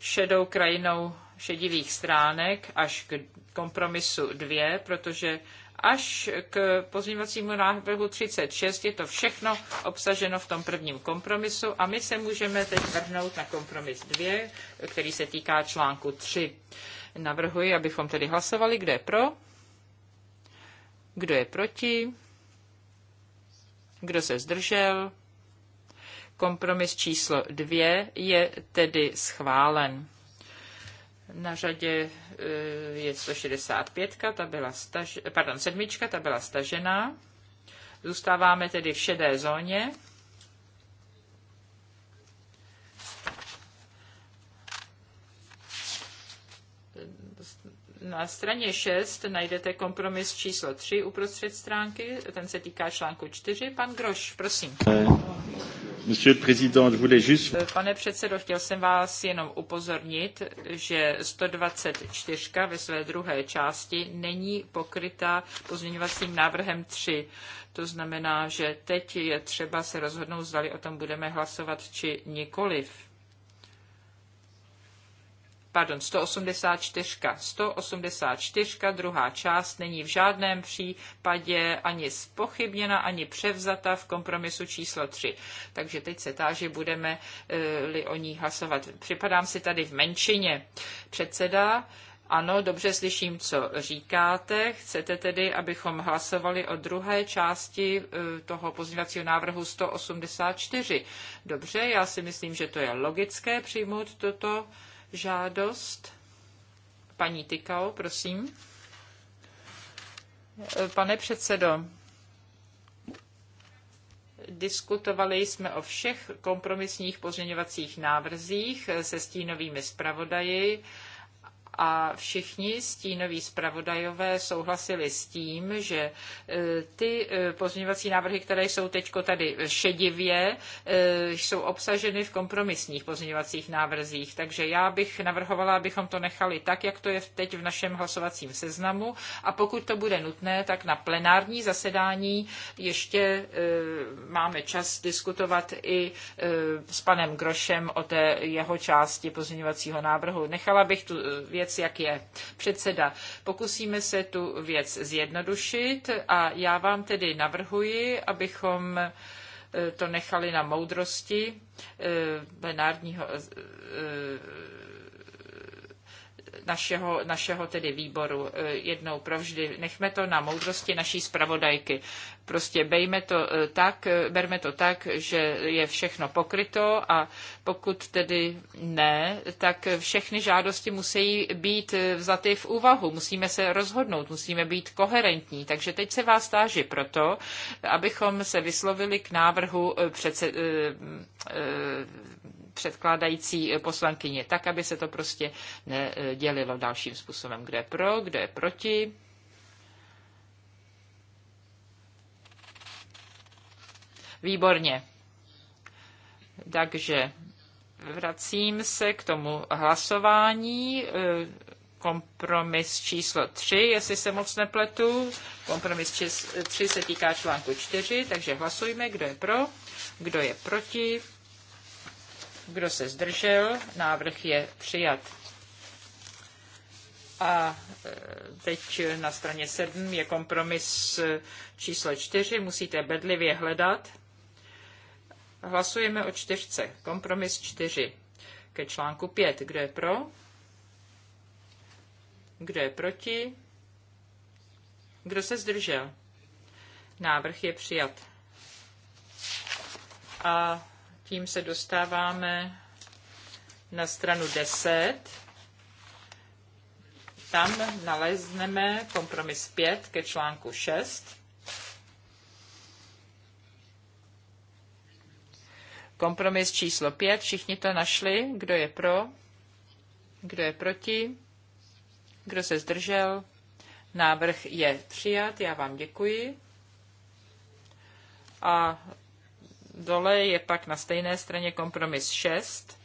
šedou krajinou šedivých stránek až k kompromisu dvě, protože až k pozměňovacímu návrhu 36. Je to všechno obsaženo v tom prvním kompromisu a my se můžeme teď vrhnout na kompromis 2, který se týká článku 3. Navrhuji, abychom tedy hlasovali, kdo je pro, kdo je proti, kdo se zdržel. Kompromis číslo 2 je tedy schválen. Na řadě eh, je 165, ta byla staž, pardon, sedmička, ta byla stažená. Zůstáváme tedy v šedé zóně. Na straně 6 najdete kompromis číslo 3 uprostřed stránky, ten se týká článku 4. Pan Groš, prosím. Eh, Eh, pane předsedo, chtěl jsem vás jenom upozornit, že 124 ve své druhé části není pokryta pozměňovacím návrhem 3. To znamená, že teď je třeba se rozhodnout, zdali o tom budeme hlasovat či nikoliv pardon, 184, 184, druhá část není v žádném případě ani spochybněna, ani převzata v kompromisu číslo 3. Takže teď se táže, budeme-li o ní hlasovat. Připadám si tady v menšině. Předseda, ano, dobře slyším, co říkáte. Chcete tedy, abychom hlasovali o druhé části eh, toho pozměňovacího návrhu 184. Dobře, já si myslím, že to je logické přijmout toto žádost. Paní Tykal, prosím. Pane předsedo, diskutovali jsme o všech kompromisních pozměňovacích návrzích se stínovými zpravodaji a všichni stínoví zpravodajové souhlasili s tím, že e, ty e, pozměňovací návrhy, které jsou teď tady šedivě, e, jsou obsaženy v kompromisních pozměňovacích návrzích. Takže já bych navrhovala, abychom to nechali tak, jak to je teď v našem hlasovacím seznamu a pokud to bude nutné, tak na plenární zasedání ještě máme čas diskutovat i s panem Grošem o té jeho části pozměňovacího návrhu. Nechala bych tu věc věc, jak je. Předseda, pokusíme se tu věc zjednodušit a já vám tedy navrhuji, abychom e, to nechali na moudrosti plenárního e, e, našeho, našeho tedy výboru eh, jednou provždy. Nechme to na moudrosti naší zpravodajky. Prostě bejme to eh, tak, eh, berme to tak, že je všechno pokryto a pokud tedy ne, tak všechny žádosti musí být vzaty v úvahu. Musíme se rozhodnout, musíme být koherentní. Takže teď se vás táži proto, abychom se vyslovili k návrhu předse, předkládající eh, poslankyně, tak, aby se to prostě nedělilo dalším způsobem, kdo je pro, kdo je proti. Výborně. Takže vracím se k tomu hlasování. Eh, kompromis číslo 3, jestli se moc nepletu. Kompromis 3 se týká článku 4, takže hlasujme, kdo je pro, kdo je proti. Kdo se zdržel? Návrh je přijat. A e, teď na straně 7 je kompromis e, číslo 4. Musíte bedlivě hledat. Hlasujeme o čtyřce. Kompromis 4 ke článku 5. Kdo je pro? Kdo je proti? Kdo se zdržel? Návrh je přijat. A tím se dostáváme na stranu 10. Tam nalezneme kompromis 5 ke článku 6. Kompromis číslo 5, všichni to našli, kdo je pro, kdo je proti, kdo se zdržel. Návrh je přijat, já vám děkuji. A dole je pak na stejné straně kompromis 6.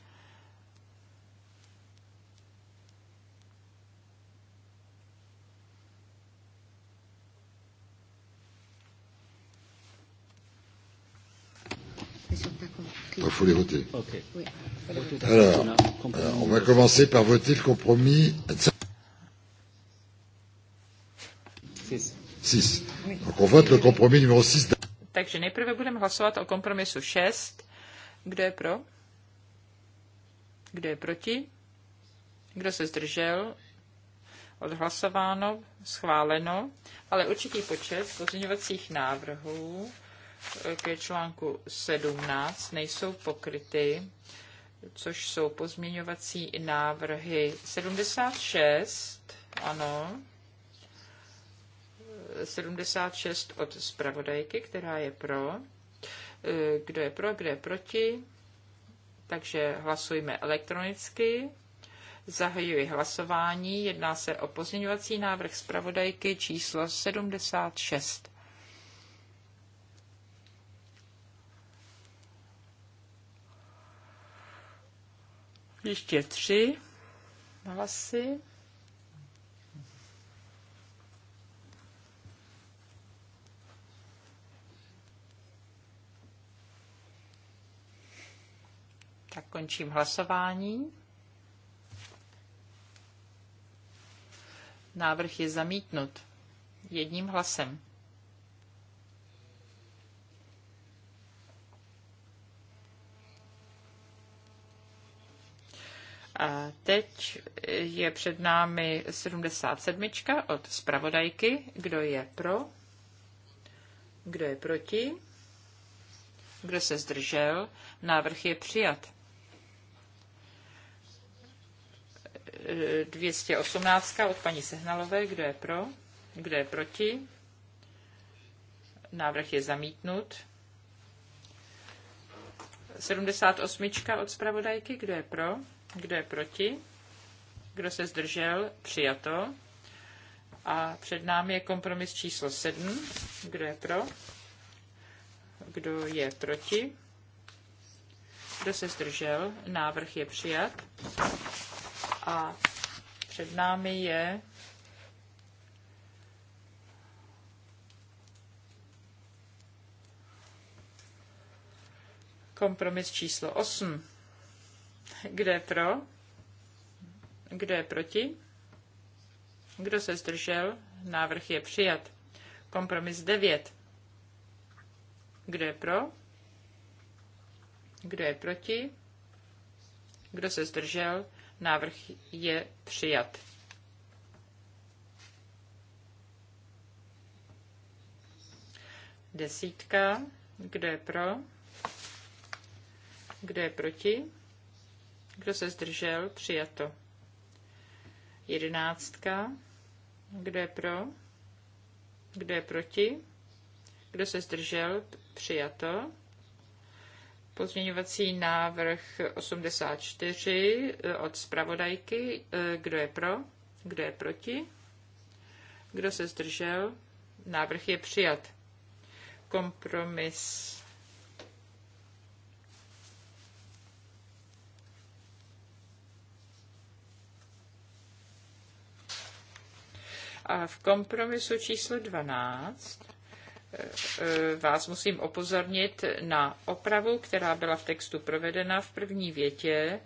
Il faut les voter. Okay. Alors, alors, on va commencer par voter le compromis 6. Donc on vote le compromis numéro 6. Takže nejprve budeme hlasovat o kompromisu 6. Kdo je pro? Kdo je proti? Kdo se zdržel? Odhlasováno, schváleno, ale určitý počet pozměňovacích návrhů eh, ke článku 17 nejsou pokryty, což jsou pozměňovací návrhy 76, ano, 76 od zpravodajky, která je pro. E, kdo je pro, kdo je proti? Takže hlasujme elektronicky. Zahajuji hlasování. Jedná se o pozměňovací návrh zpravodajky číslo 76. Ještě tři hlasy. Tak končím hlasování. Návrh je zamítnut jedním hlasem. A teď je před námi 77. od zpravodajky. Kdo je pro? Kdo je proti? Kdo se zdržel? Návrh je přijat. 218 od paní Sehnalové. Kdo je pro? Kdo je proti? Návrh je zamítnut. 78 od zpravodajky. Kdo je pro? Kdo je proti? Kdo se zdržel? Přijato. A před námi je kompromis číslo 7. Kdo je pro? Kdo je proti? Kdo se zdržel? Návrh je přijat a před námi je kompromis číslo 8. Kde je pro? Kde je proti? Kdo se zdržel? Návrh je přijat. Kompromis 9. Kde je pro? Kdo je proti? Kdo se zdržel? Návrh je přijat. Desítka. Kdo je pro? Kdo je proti? Kdo se zdržel? Přijato. Jedenáctka. Kdo je pro? Kdo je proti? Kdo se zdržel? Přijato. Pozměňovací návrh 84 eh, od zpravodajky. Eh, kdo je pro? Kdo je proti? Kdo se zdržel? Návrh je přijat. Kompromis. A v kompromisu číslo 12 vás musím opozornit na opravu, která byla v textu provedena v první větě,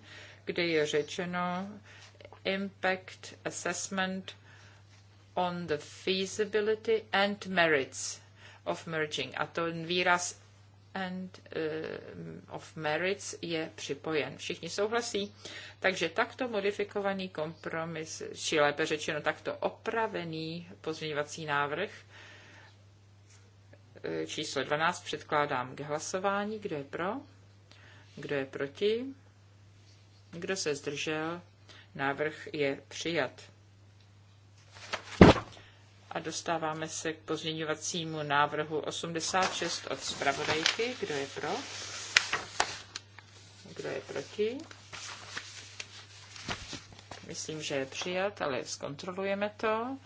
kde je řečeno Impact Assessment on the Feasibility and Merits of Merging. A ten výraz and uh, of merits je připojen. Všichni souhlasí. Takže takto modifikovaný kompromis, či lépe řečeno takto opravený pozměňovací návrh, číslo 12 předkládám k hlasování. Kdo je pro? Kdo je proti? Kdo se zdržel? Návrh je přijat. A dostáváme se k pozměňovacímu návrhu 86 od zpravodajky. Kdo je pro? Kdo je proti? Myslím, že je přijat, ale zkontrolujeme to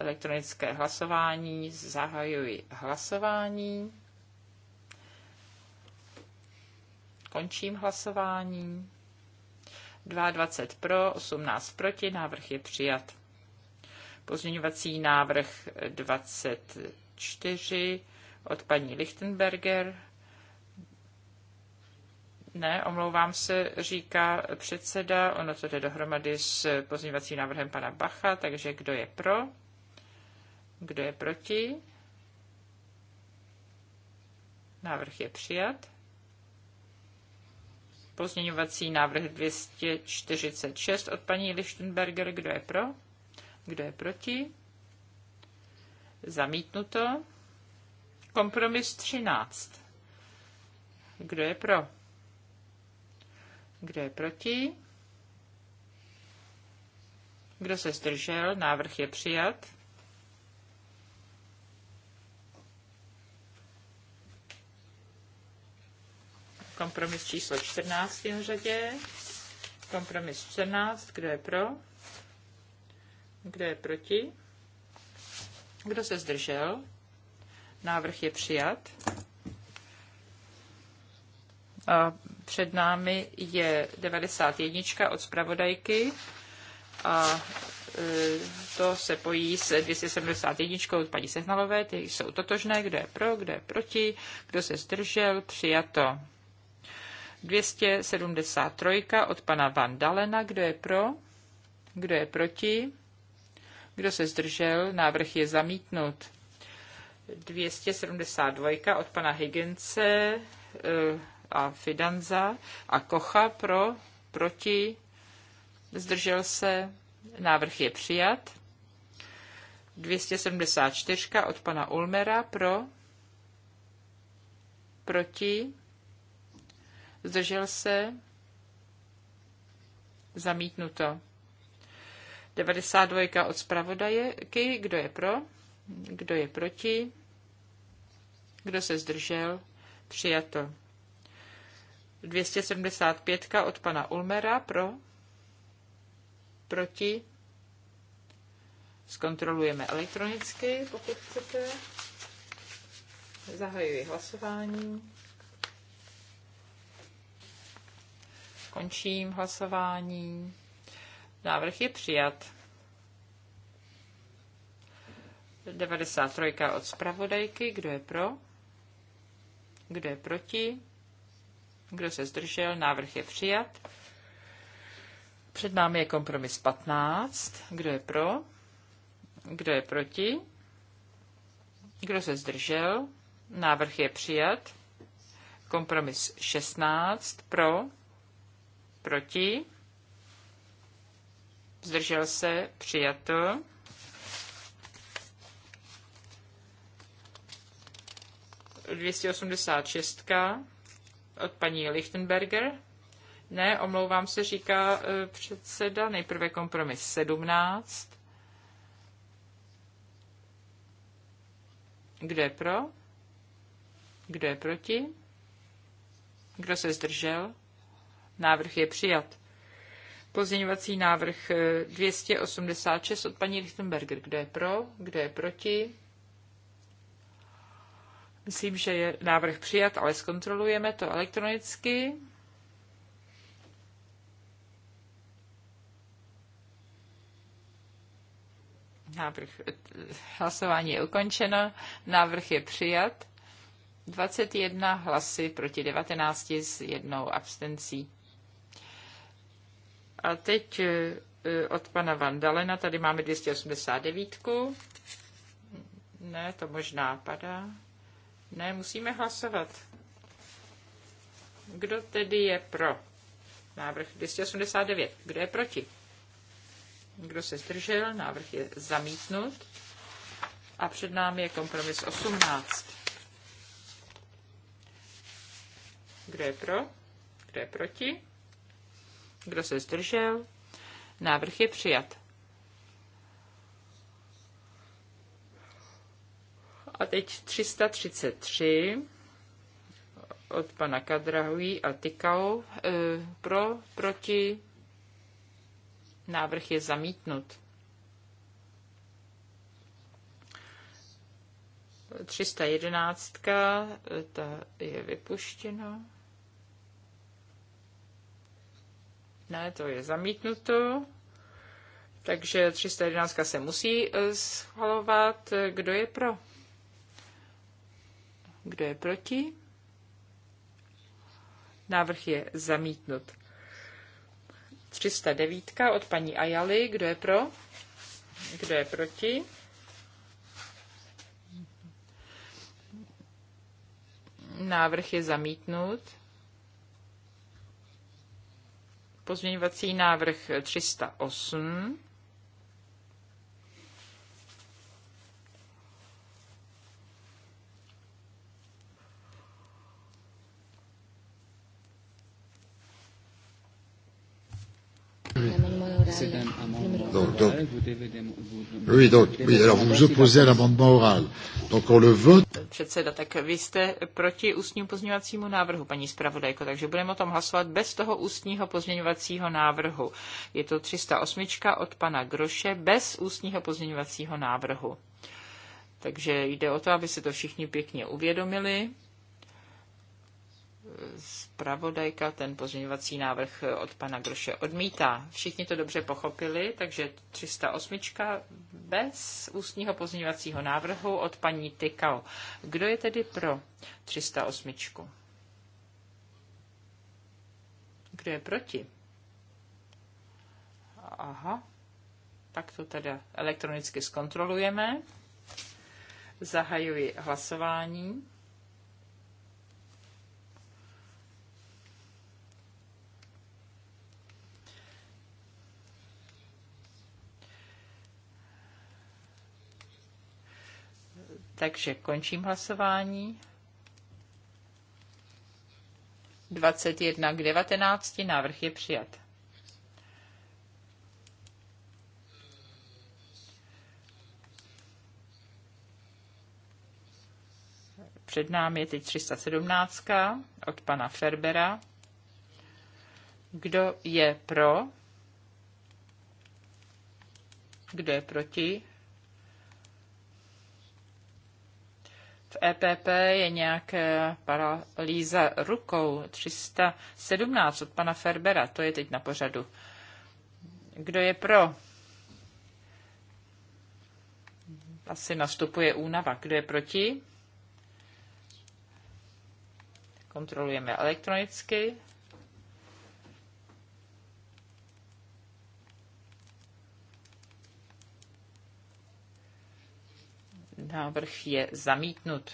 elektronické hlasování. Zahajuji hlasování. Končím hlasování. 22 pro, 18 proti, návrh je přijat. Pozměňovací návrh 24 od paní Lichtenberger. Ne, omlouvám se, říká předseda. Ono to jde dohromady s pozměňovacím návrhem pana Bacha, takže kdo je pro? Kdo je proti? Návrh je přijat. Pozměňovací návrh 246 od paní Lichtenberger. Kdo je pro? Kdo je proti? Zamítnuto. Kompromis 13. Kdo je pro? Kdo je proti? Kdo se zdržel? Návrh je přijat. Kompromis číslo 14 v řadě. Kompromis 14, kdo je pro? Kdo je proti? Kdo se zdržel? Návrh je přijat. A před námi je 91 od zpravodajky a e, to se pojí s 271 od paní Sehnalové, ty jsou totožné, kdo je pro, kdo je proti, kdo se zdržel, přijato. 273 od pana Van Dalena. Kdo je pro? Kdo je proti? Kdo se zdržel? Návrh je zamítnut. 272 od pana Higgince eh, a Fidanza a Kocha pro, proti, zdržel se, návrh je přijat. 274 od pana Ulmera pro, proti, zdržel se, zamítnuto. 92 od zpravodajky, kdo je pro, kdo je proti, kdo se zdržel, přijato. 275 od pana Ulmera pro, proti, zkontrolujeme elektronicky, pokud chcete. Zahajuji hlasování. Končím hlasování. Návrh je přijat. 93 od zpravodajky. Kdo je pro? Kdo je proti? Kdo se zdržel? Návrh je přijat. Před námi je kompromis 15. Kdo je pro? Kdo je proti? Kdo se zdržel? Návrh je přijat. Kompromis 16. Pro? proti, zdržel se, přijato. Dvěstě od paní Lichtenberger. Ne, omlouvám se, říká e, předseda. Nejprve kompromis 17. Kdo je pro? Kdo je proti? Kdo se zdržel? Návrh je přijat. Pozměňovací návrh 286 eh, od paní Lichtenberger. Kdo je pro? Kdo je proti? Myslím, že je návrh přijat, ale zkontrolujeme to elektronicky. Návrh, eh, hlasování je ukončeno, návrh je přijat. 21 hlasy proti 19 s jednou abstencí. A teď eh, eh, od pana Vandalena, tady máme 289. Ne, to možná padá. Ne, musíme hlasovat. Kdo tedy je pro? Návrh 289. Kdo je proti? Kdo se zdržel? Návrh je zamítnut. A před námi je kompromis 18. Kdo je pro? Kdo je proti? Kdo se zdržel? Návrh je přijat. A teď 333 od pana Kadrahuji a Tykau e, eh, pro, proti. Návrh je zamítnut. 311, eh, ta je vypuštěna. Ne, to je zamítnuto. Takže 311 se musí eh, schvalovat. Kdo je pro? Kdo je proti? Návrh je zamítnut. 309 od paní Ajaly. Kdo je pro? Kdo je proti? Návrh je zamítnut. Pozměňovací návrh 308. Donc, donc, oui, donc, oui, alors vous vous opposez à l'amendement oral. Donc on le vote. Předseda, tak vy jste proti ústnímu pozměňovacímu návrhu, paní zpravodajko, takže budeme o tom hlasovat bez toho ústního pozměňovacího návrhu. Je to 308 od pana Groše bez ústního pozměňovacího návrhu. Takže jde o to, aby si to všichni pěkně uvědomili zpravodajka ten pozměňovací návrh od pana Groše odmítá. Všichni to dobře pochopili, takže 308 bez ústního pozměňovacího návrhu od paní Tykao. Kdo je tedy pro 308? Kdo je proti? Aha, tak to teda elektronicky zkontrolujeme. Zahajuji hlasování. Takže končím hlasování. 21 k 19, návrh je přijat. Před námi je teď 317 od pana Ferbera. Kdo je pro? Kdo je proti? EPP je nějaké eh, paralýza rukou 317 od pana Ferbera, to je teď na pořadu. Kdo je pro? Asi nastupuje únava. Kdo je proti? Kontrolujeme elektronicky. Návrh je zamítnut.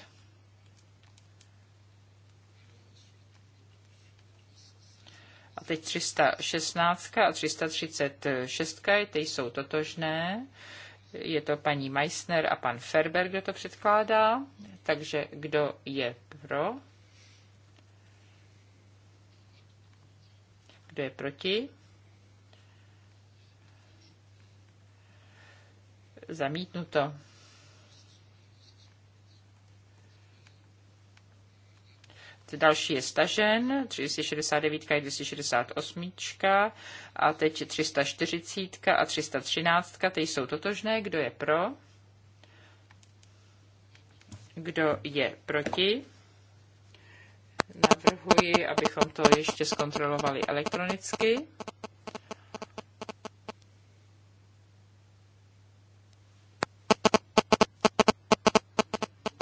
A teď 316 a 336, ty jsou totožné. Je to paní Meissner a pan Ferber, kdo to předkládá. Takže kdo je pro? Kdo je proti? Zamítnuto. další je stažen, 369 je 268 a teď je 340 a 313, ty jsou totožné, kdo je pro, kdo je proti. Navrhuji, abychom to ještě zkontrolovali elektronicky.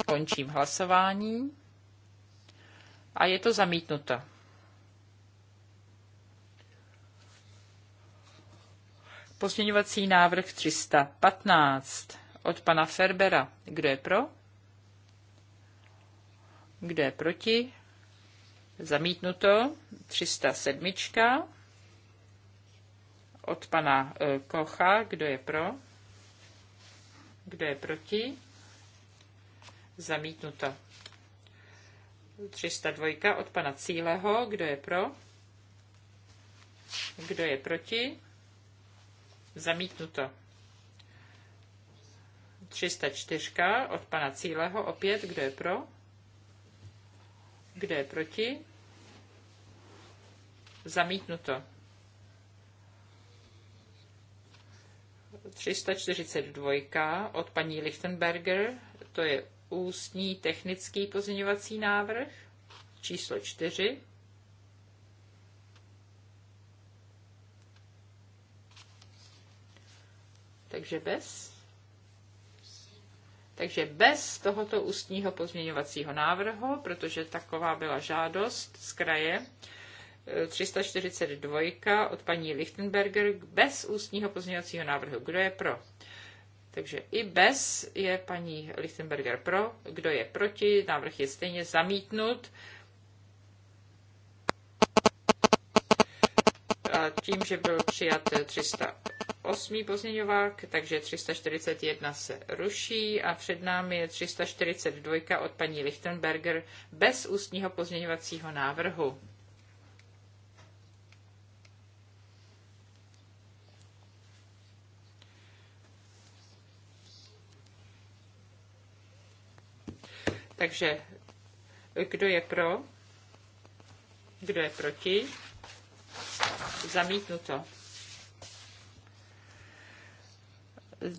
Končím hlasování a je to zamítnuto. Pozměňovací návrh 315 od pana Ferbera. Kdo je pro? Kdo je proti? Zamítnuto. 307 od pana eh, Kocha. Kdo je pro? Kdo je proti? Zamítnuto. 302 od pana Cíleho. Kdo je pro? Kdo je proti? Zamítnuto. 304 od pana Cíleho. Opět, kdo je pro? Kdo je proti? Zamítnuto. 342 od paní Lichtenberger, to je ústní technický pozměňovací návrh číslo 4. Takže bez. Takže bez tohoto ústního pozměňovacího návrhu, protože taková byla žádost z kraje 342 e, od paní Lichtenberger bez ústního pozměňovacího návrhu. Kdo je pro? Takže i bez je paní Lichtenberger pro. Kdo je proti? Návrh je stejně zamítnut. A tím, že byl přijat 308 pozměňovák, takže 341 se ruší a před námi je 342 od paní Lichtenberger bez ústního pozměňovacího návrhu. Takže kdo je pro? Kdo je proti? Zamítnuto.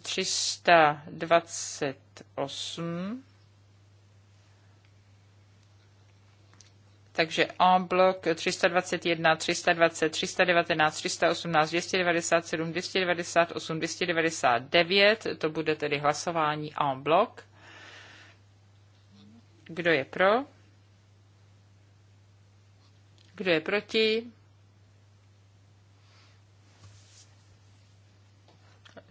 328. Takže en blok 321, 320, 319, 318, 297, 298, 299, to bude tedy hlasování en blok. Kdo je pro? Kdo je proti?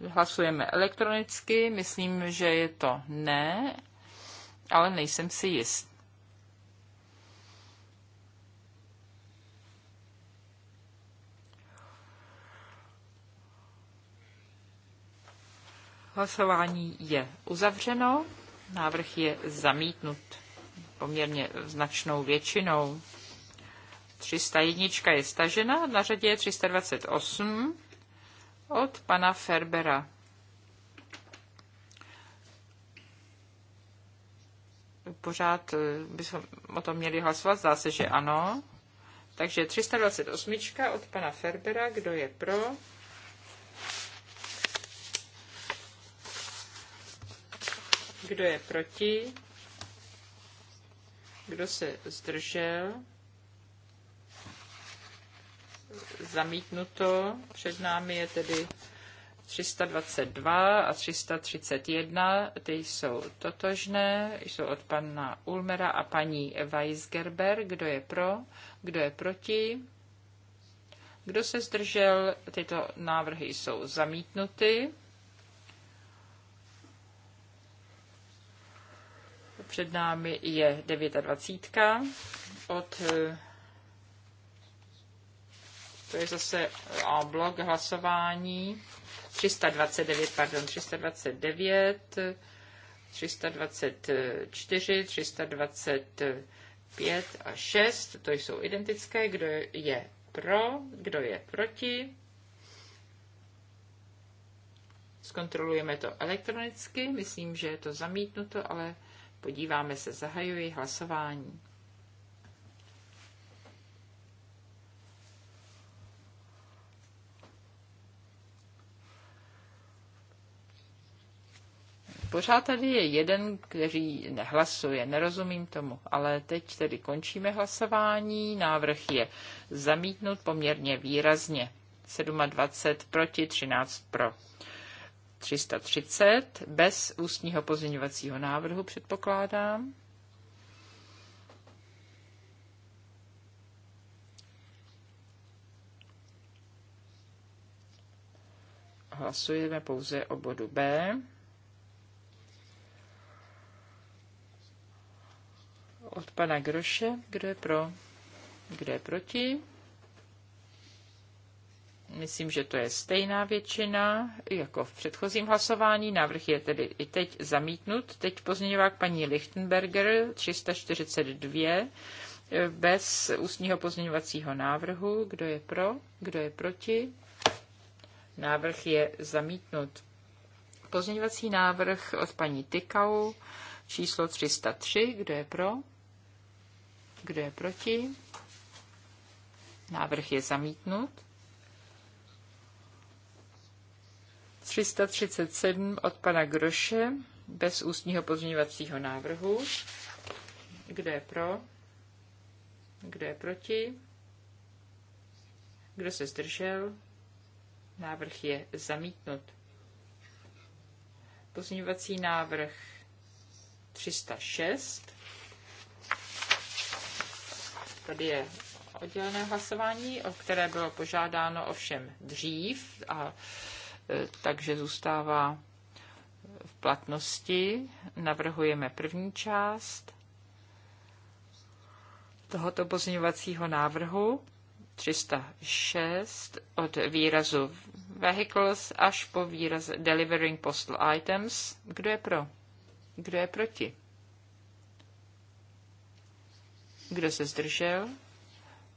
Hlasujeme elektronicky. Myslím, že je to ne, ale nejsem si jist. Hlasování je uzavřeno, návrh je zamítnut poměrně značnou většinou. 301 je stažena, na řadě je 328 od pana Ferbera. Pořád eh, bychom o tom měli hlasovat, zdá se, že ano. Takže 328 od pana Ferbera, kdo je pro? Kdo je proti? Kdo se zdržel? Zamítnuto. Před námi je tedy 322 a 331, ty jsou totožné, jsou od pana Ulmera a paní Weisgerber. Kdo je pro, kdo je proti? Kdo se zdržel? Tyto návrhy jsou zamítnuty. Před námi je 29. od eh, to je zase eh, a blok hlasování 329, pardon, 329, 324, 325 a 6, to jsou identické, kdo je pro, kdo je proti. Zkontrolujeme to elektronicky, myslím, že je to zamítnuto, ale Podíváme se, zahajuji hlasování. Pořád tady je jeden, který nehlasuje, nerozumím tomu, ale teď tedy končíme hlasování. Návrh je zamítnut poměrně výrazně. 27 proti, 13 pro. 330 bez ústního pozměňovacího návrhu, předpokládám. Hlasujeme pouze o bodu B. Od pana Groše, kdo je pro, kdo je proti. Myslím, že to je stejná většina jako v předchozím hlasování. Návrh je tedy i teď zamítnut. Teď pozměňovák paní Lichtenberger 342 bez ústního pozměňovacího návrhu. Kdo je pro? Kdo je proti? Návrh je zamítnut. Pozměňovací návrh od paní Tykau číslo 303. Kdo je pro? Kdo je proti? Návrh je zamítnut. 337 od pana Groše bez ústního pozměňovacího návrhu. Kdo je pro? Kdo je proti? Kdo se zdržel? Návrh je zamítnut. Pozměňovací návrh 306. Tady je oddělené hlasování, o které bylo požádáno ovšem dřív a E, takže zůstává v platnosti. Navrhujeme první část tohoto pozměňovacího návrhu 306 od výrazu vehicles až po výraz delivering postal items. Kdo je pro? Kdo je proti? Kdo se zdržel?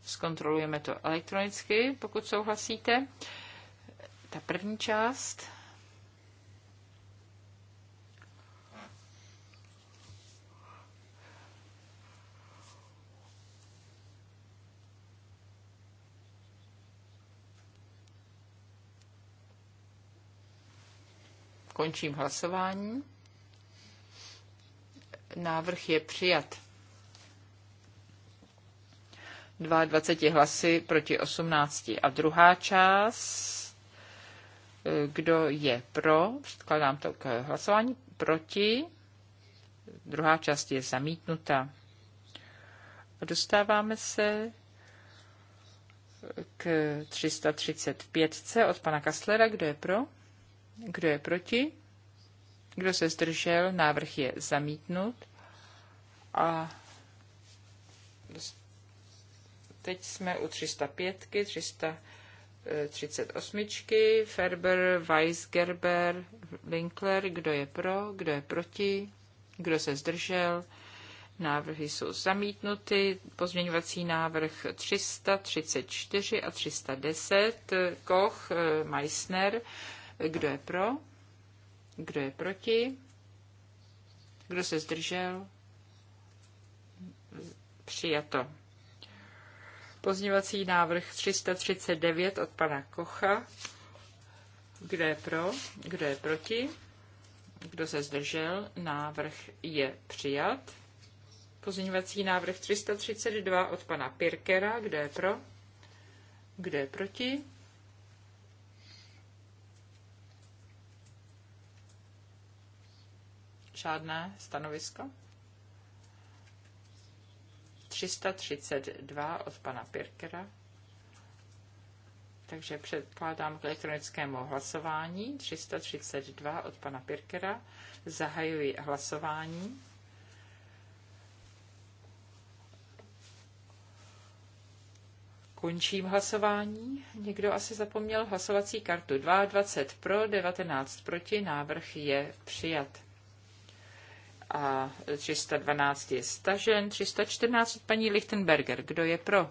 Zkontrolujeme to elektronicky, pokud souhlasíte. Ta první část. Končím hlasování. Návrh je přijat. 22 hlasy proti 18. A druhá část kdo je pro? Vkládám to k hlasování. Proti? Druhá část je zamítnuta. Dostáváme se k 335C od pana Kastlera. Kdo je pro? Kdo je proti? Kdo se zdržel? Návrh je zamítnut. A teď jsme u 305, 300 38. Ferber, Weisgerber, Winkler. Kdo je pro? Kdo je proti? Kdo se zdržel? Návrhy jsou zamítnuty. Pozměňovací návrh 334 a 310. Koch, eh, Meissner. Kdo je pro? Kdo je proti? Kdo se zdržel? Přijato. Pozněvací návrh 339 od pana Kocha. Kdo je pro? Kdo je proti? Kdo se zdržel? Návrh je přijat. Pozměňovací návrh 332 od pana Pirkera. Kdo je pro? Kdo je proti? Žádné stanovisko? 332 od pana Pirkera. Takže předkládám k elektronickému hlasování 332 od pana Pirkera. Zahajuji hlasování. Končím hlasování. Někdo asi zapomněl hlasovací kartu. 22 pro, 19 proti. Návrh je přijat a 312 je stažen. 314 paní Lichtenberger. Kdo je pro?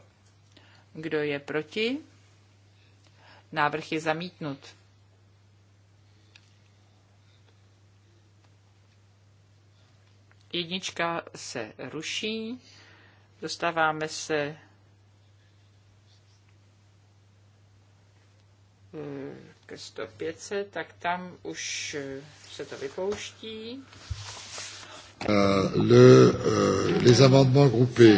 Kdo je proti? Návrh je zamítnut. Jednička se ruší. Dostáváme se eh, ke 105, tak tam už eh, se to vypouští euh, le, euh, les amendements groupés.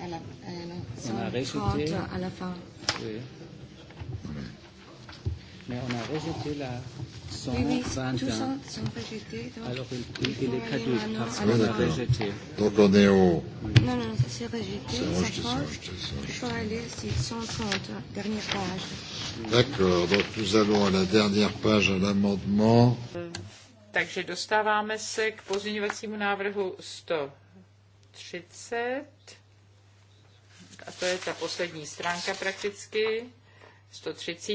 Ah, on a rejeté. À la fin. Oui. Mais on a rejeté la 121. Oui, sont, sont rejetés. Alors il, il, il est caduque parce qu'on a rejeté. Donc on est au. Non, non, ça c'est rejeté. C'est rejeté, c'est rejeté. Il faut aller, c'est 130, dernière page. D'accord, donc nous allons à la dernière page à l'amendement. Euh. Takže dostáváme se k pozměňovacímu návrhu 130. A to je ta poslední stránka prakticky. 130.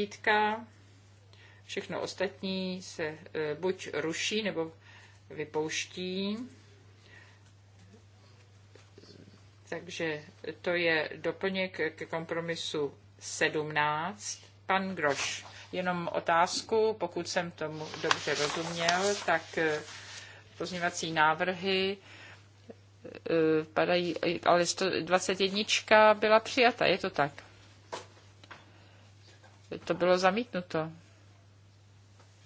Všechno ostatní se e, buď ruší nebo vypouští. Takže to je doplněk ke kompromisu 17. Pan Groš jenom otázku, pokud jsem tomu dobře rozuměl, tak eh, pozměvací návrhy eh, padají, ale 121 byla přijata, je to tak. To bylo zamítnuto.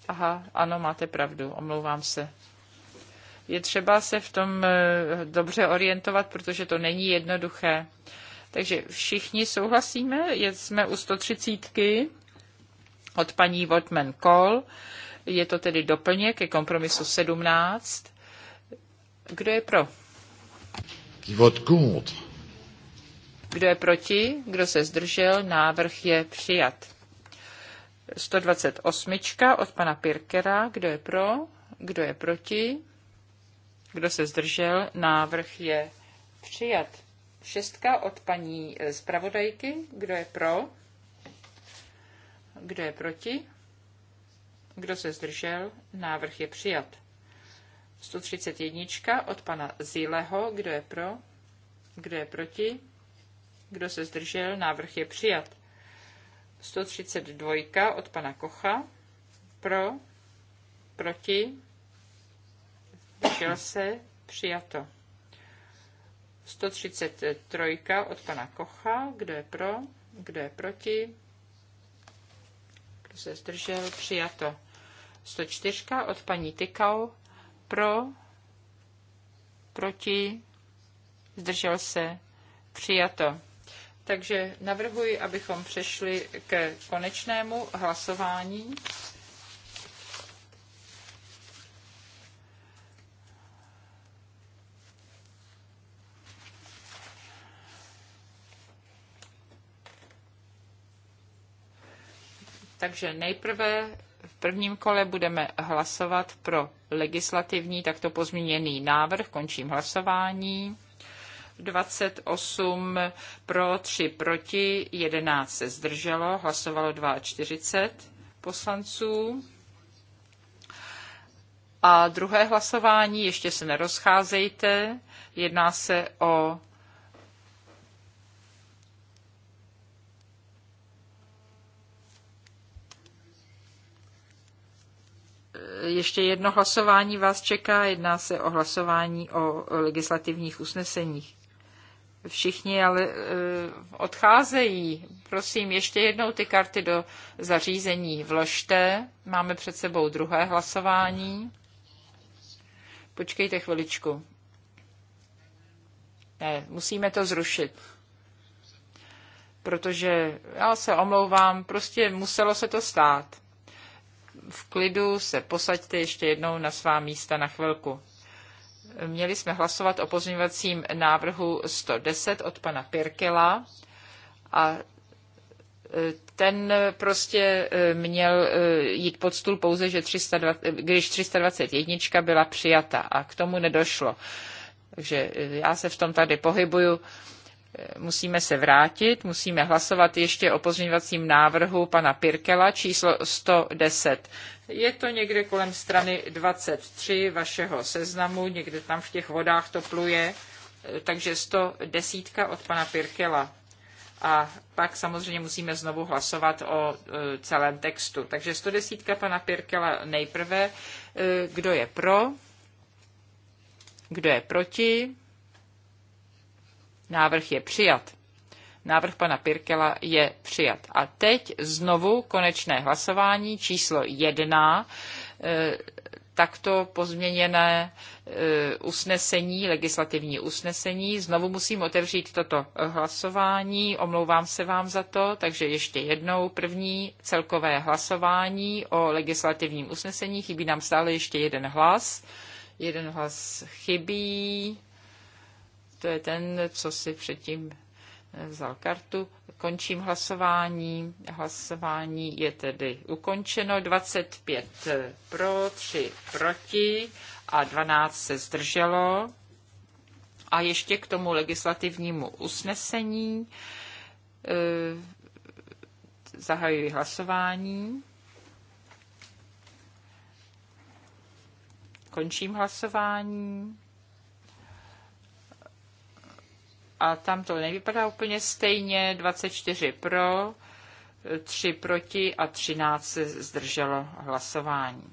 Aha, ano, máte pravdu, omlouvám se. Je třeba se v tom eh, dobře orientovat, protože to není jednoduché. Takže všichni souhlasíme, jsme u 130 od paní Votman Kohl. Je to tedy doplněk ke kompromisu 17. Kdo je pro? Kdo je proti? Kdo se zdržel? Návrh je přijat. 128. od pana Pirkera. Kdo je pro? Kdo je proti? Kdo se zdržel? Návrh je přijat. Šestka od paní eh, zpravodajky. Kdo je pro? Kdo je proti? Kdo se zdržel? Návrh je přijat. 131 od pana Zíleho. Kdo je pro? Kdo je proti? Kdo se zdržel? Návrh je přijat. 132 od pana Kocha. Pro? Proti? Zdržel se? Přijato. 133 od pana Kocha. Kdo je pro? Kdo je proti? se zdržel, přijato. 104 od paní Tykau, pro, proti, zdržel se, přijato. Takže navrhuji, abychom přešli ke konečnému hlasování. Takže nejprve v prvním kole budeme hlasovat pro legislativní takto pozměněný návrh. Končím hlasování. 28 pro, 3 proti, 11 se zdrželo, hlasovalo 42 poslanců. A druhé hlasování, ještě se nerozcházejte, jedná se o ještě jedno hlasování vás čeká. Jedná se o hlasování o legislativních usneseních. Všichni ale e, odcházejí. Prosím, ještě jednou ty karty do zařízení vložte. Máme před sebou druhé hlasování. Počkejte chviličku. Ne, musíme to zrušit protože já se omlouvám, prostě muselo se to stát v klidu se posaďte ještě jednou na svá místa na chvilku. Měli jsme hlasovat o pozměňovacím návrhu 110 od pana Pirkela a e, ten prostě e, měl e, jít pod stůl pouze, že 320, když 321 byla přijata a k tomu nedošlo. Takže já se v tom tady pohybuju musíme se vrátit, musíme hlasovat ještě o pozměňovacím návrhu pana Pirkela číslo 110. Je to někde kolem strany 23 vašeho seznamu, někde tam v těch vodách to pluje, takže 110 od pana Pirkela. A pak samozřejmě musíme znovu hlasovat o e, celém textu. Takže 110 pana Pirkela nejprve. E, kdo je pro? Kdo je proti? Návrh je přijat. Návrh pana Pirkela je přijat. A teď znovu konečné hlasování číslo jedna, e, takto pozměněné e, usnesení, legislativní usnesení. Znovu musím otevřít toto hlasování, omlouvám se vám za to, takže ještě jednou první celkové hlasování o legislativním usnesení. Chybí nám stále ještě jeden hlas. Jeden hlas chybí to je ten, co si předtím eh, vzal kartu. Končím hlasování. Hlasování je tedy ukončeno. 25 eh, pro, 3 proti a 12 se zdrželo. A ještě k tomu legislativnímu usnesení eh, zahajuji hlasování. Končím hlasování. a tam to nevypadá úplně stejně. 24 pro, 3 proti a 13 se zdrželo hlasování.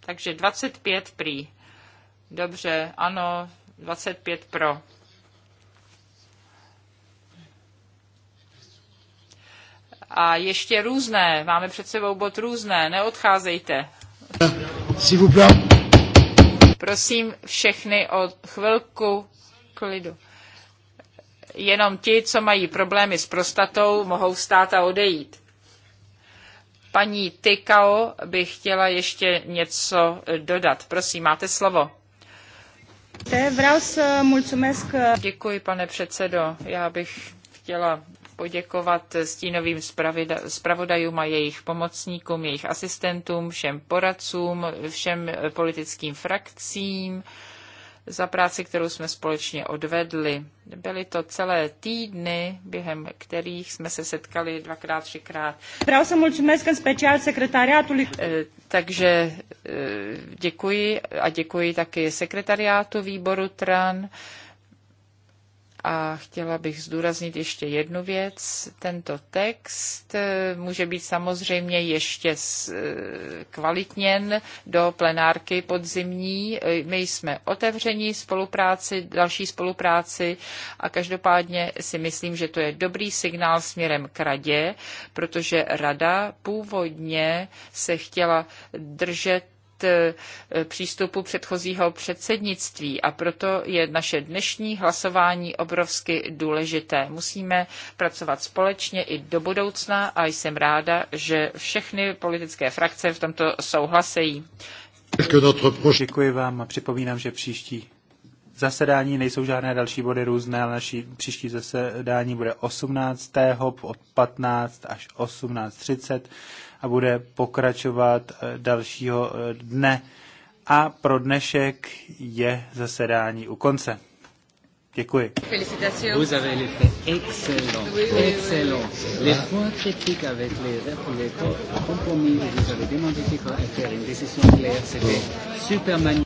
Takže 25 prý. Dobře, ano, 25 pro. A ještě různé, máme před sebou bod různé, neodcházejte. Prosím všechny o chvilku klidu. Jenom ti, co mají problémy s prostatou, mohou vstát a odejít. Paní Tykao by chtěla ještě něco dodat. Prosím, máte slovo. Děkuji, pane předsedo. Já bych chtěla poděkovat stínovým zpravodajům a jejich pomocníkům, jejich asistentům, všem poradcům, všem politickým frakcím za práci, kterou jsme společně odvedli. Byly to celé týdny, během kterých jsme se setkali dvakrát, třikrát. Eh, takže eh, děkuji a děkuji taky sekretariátu výboru TRAN a chtěla bych zdůraznit ještě jednu věc. Tento text eh, může být samozřejmě ještě eh, kvalitněn do plenárky podzimní. Eh, my jsme otevření spolupráci, další spolupráci a každopádně si myslím, že to je dobrý signál směrem k radě, protože rada původně se chtěla držet Eh, přístupu předchozího předsednictví a proto je naše dnešní hlasování obrovsky důležité. Musíme pracovat společně i do budoucna a jsem ráda, že všechny politické frakce v tomto souhlasejí. Děkuji vám a připomínám, že příští zasedání nejsou žádné další body různé, ale naší příští zasedání bude 18. od 15 až 18.30 a bude pokračovat eh, dalšího eh, dne. A pro dnešek je zasedání u konce. Děkuji. Vous avez Oui, oui, Oui, les points critiques avec les, les compromis que vous avez demandé faire une décision claire, c'était super magnifique.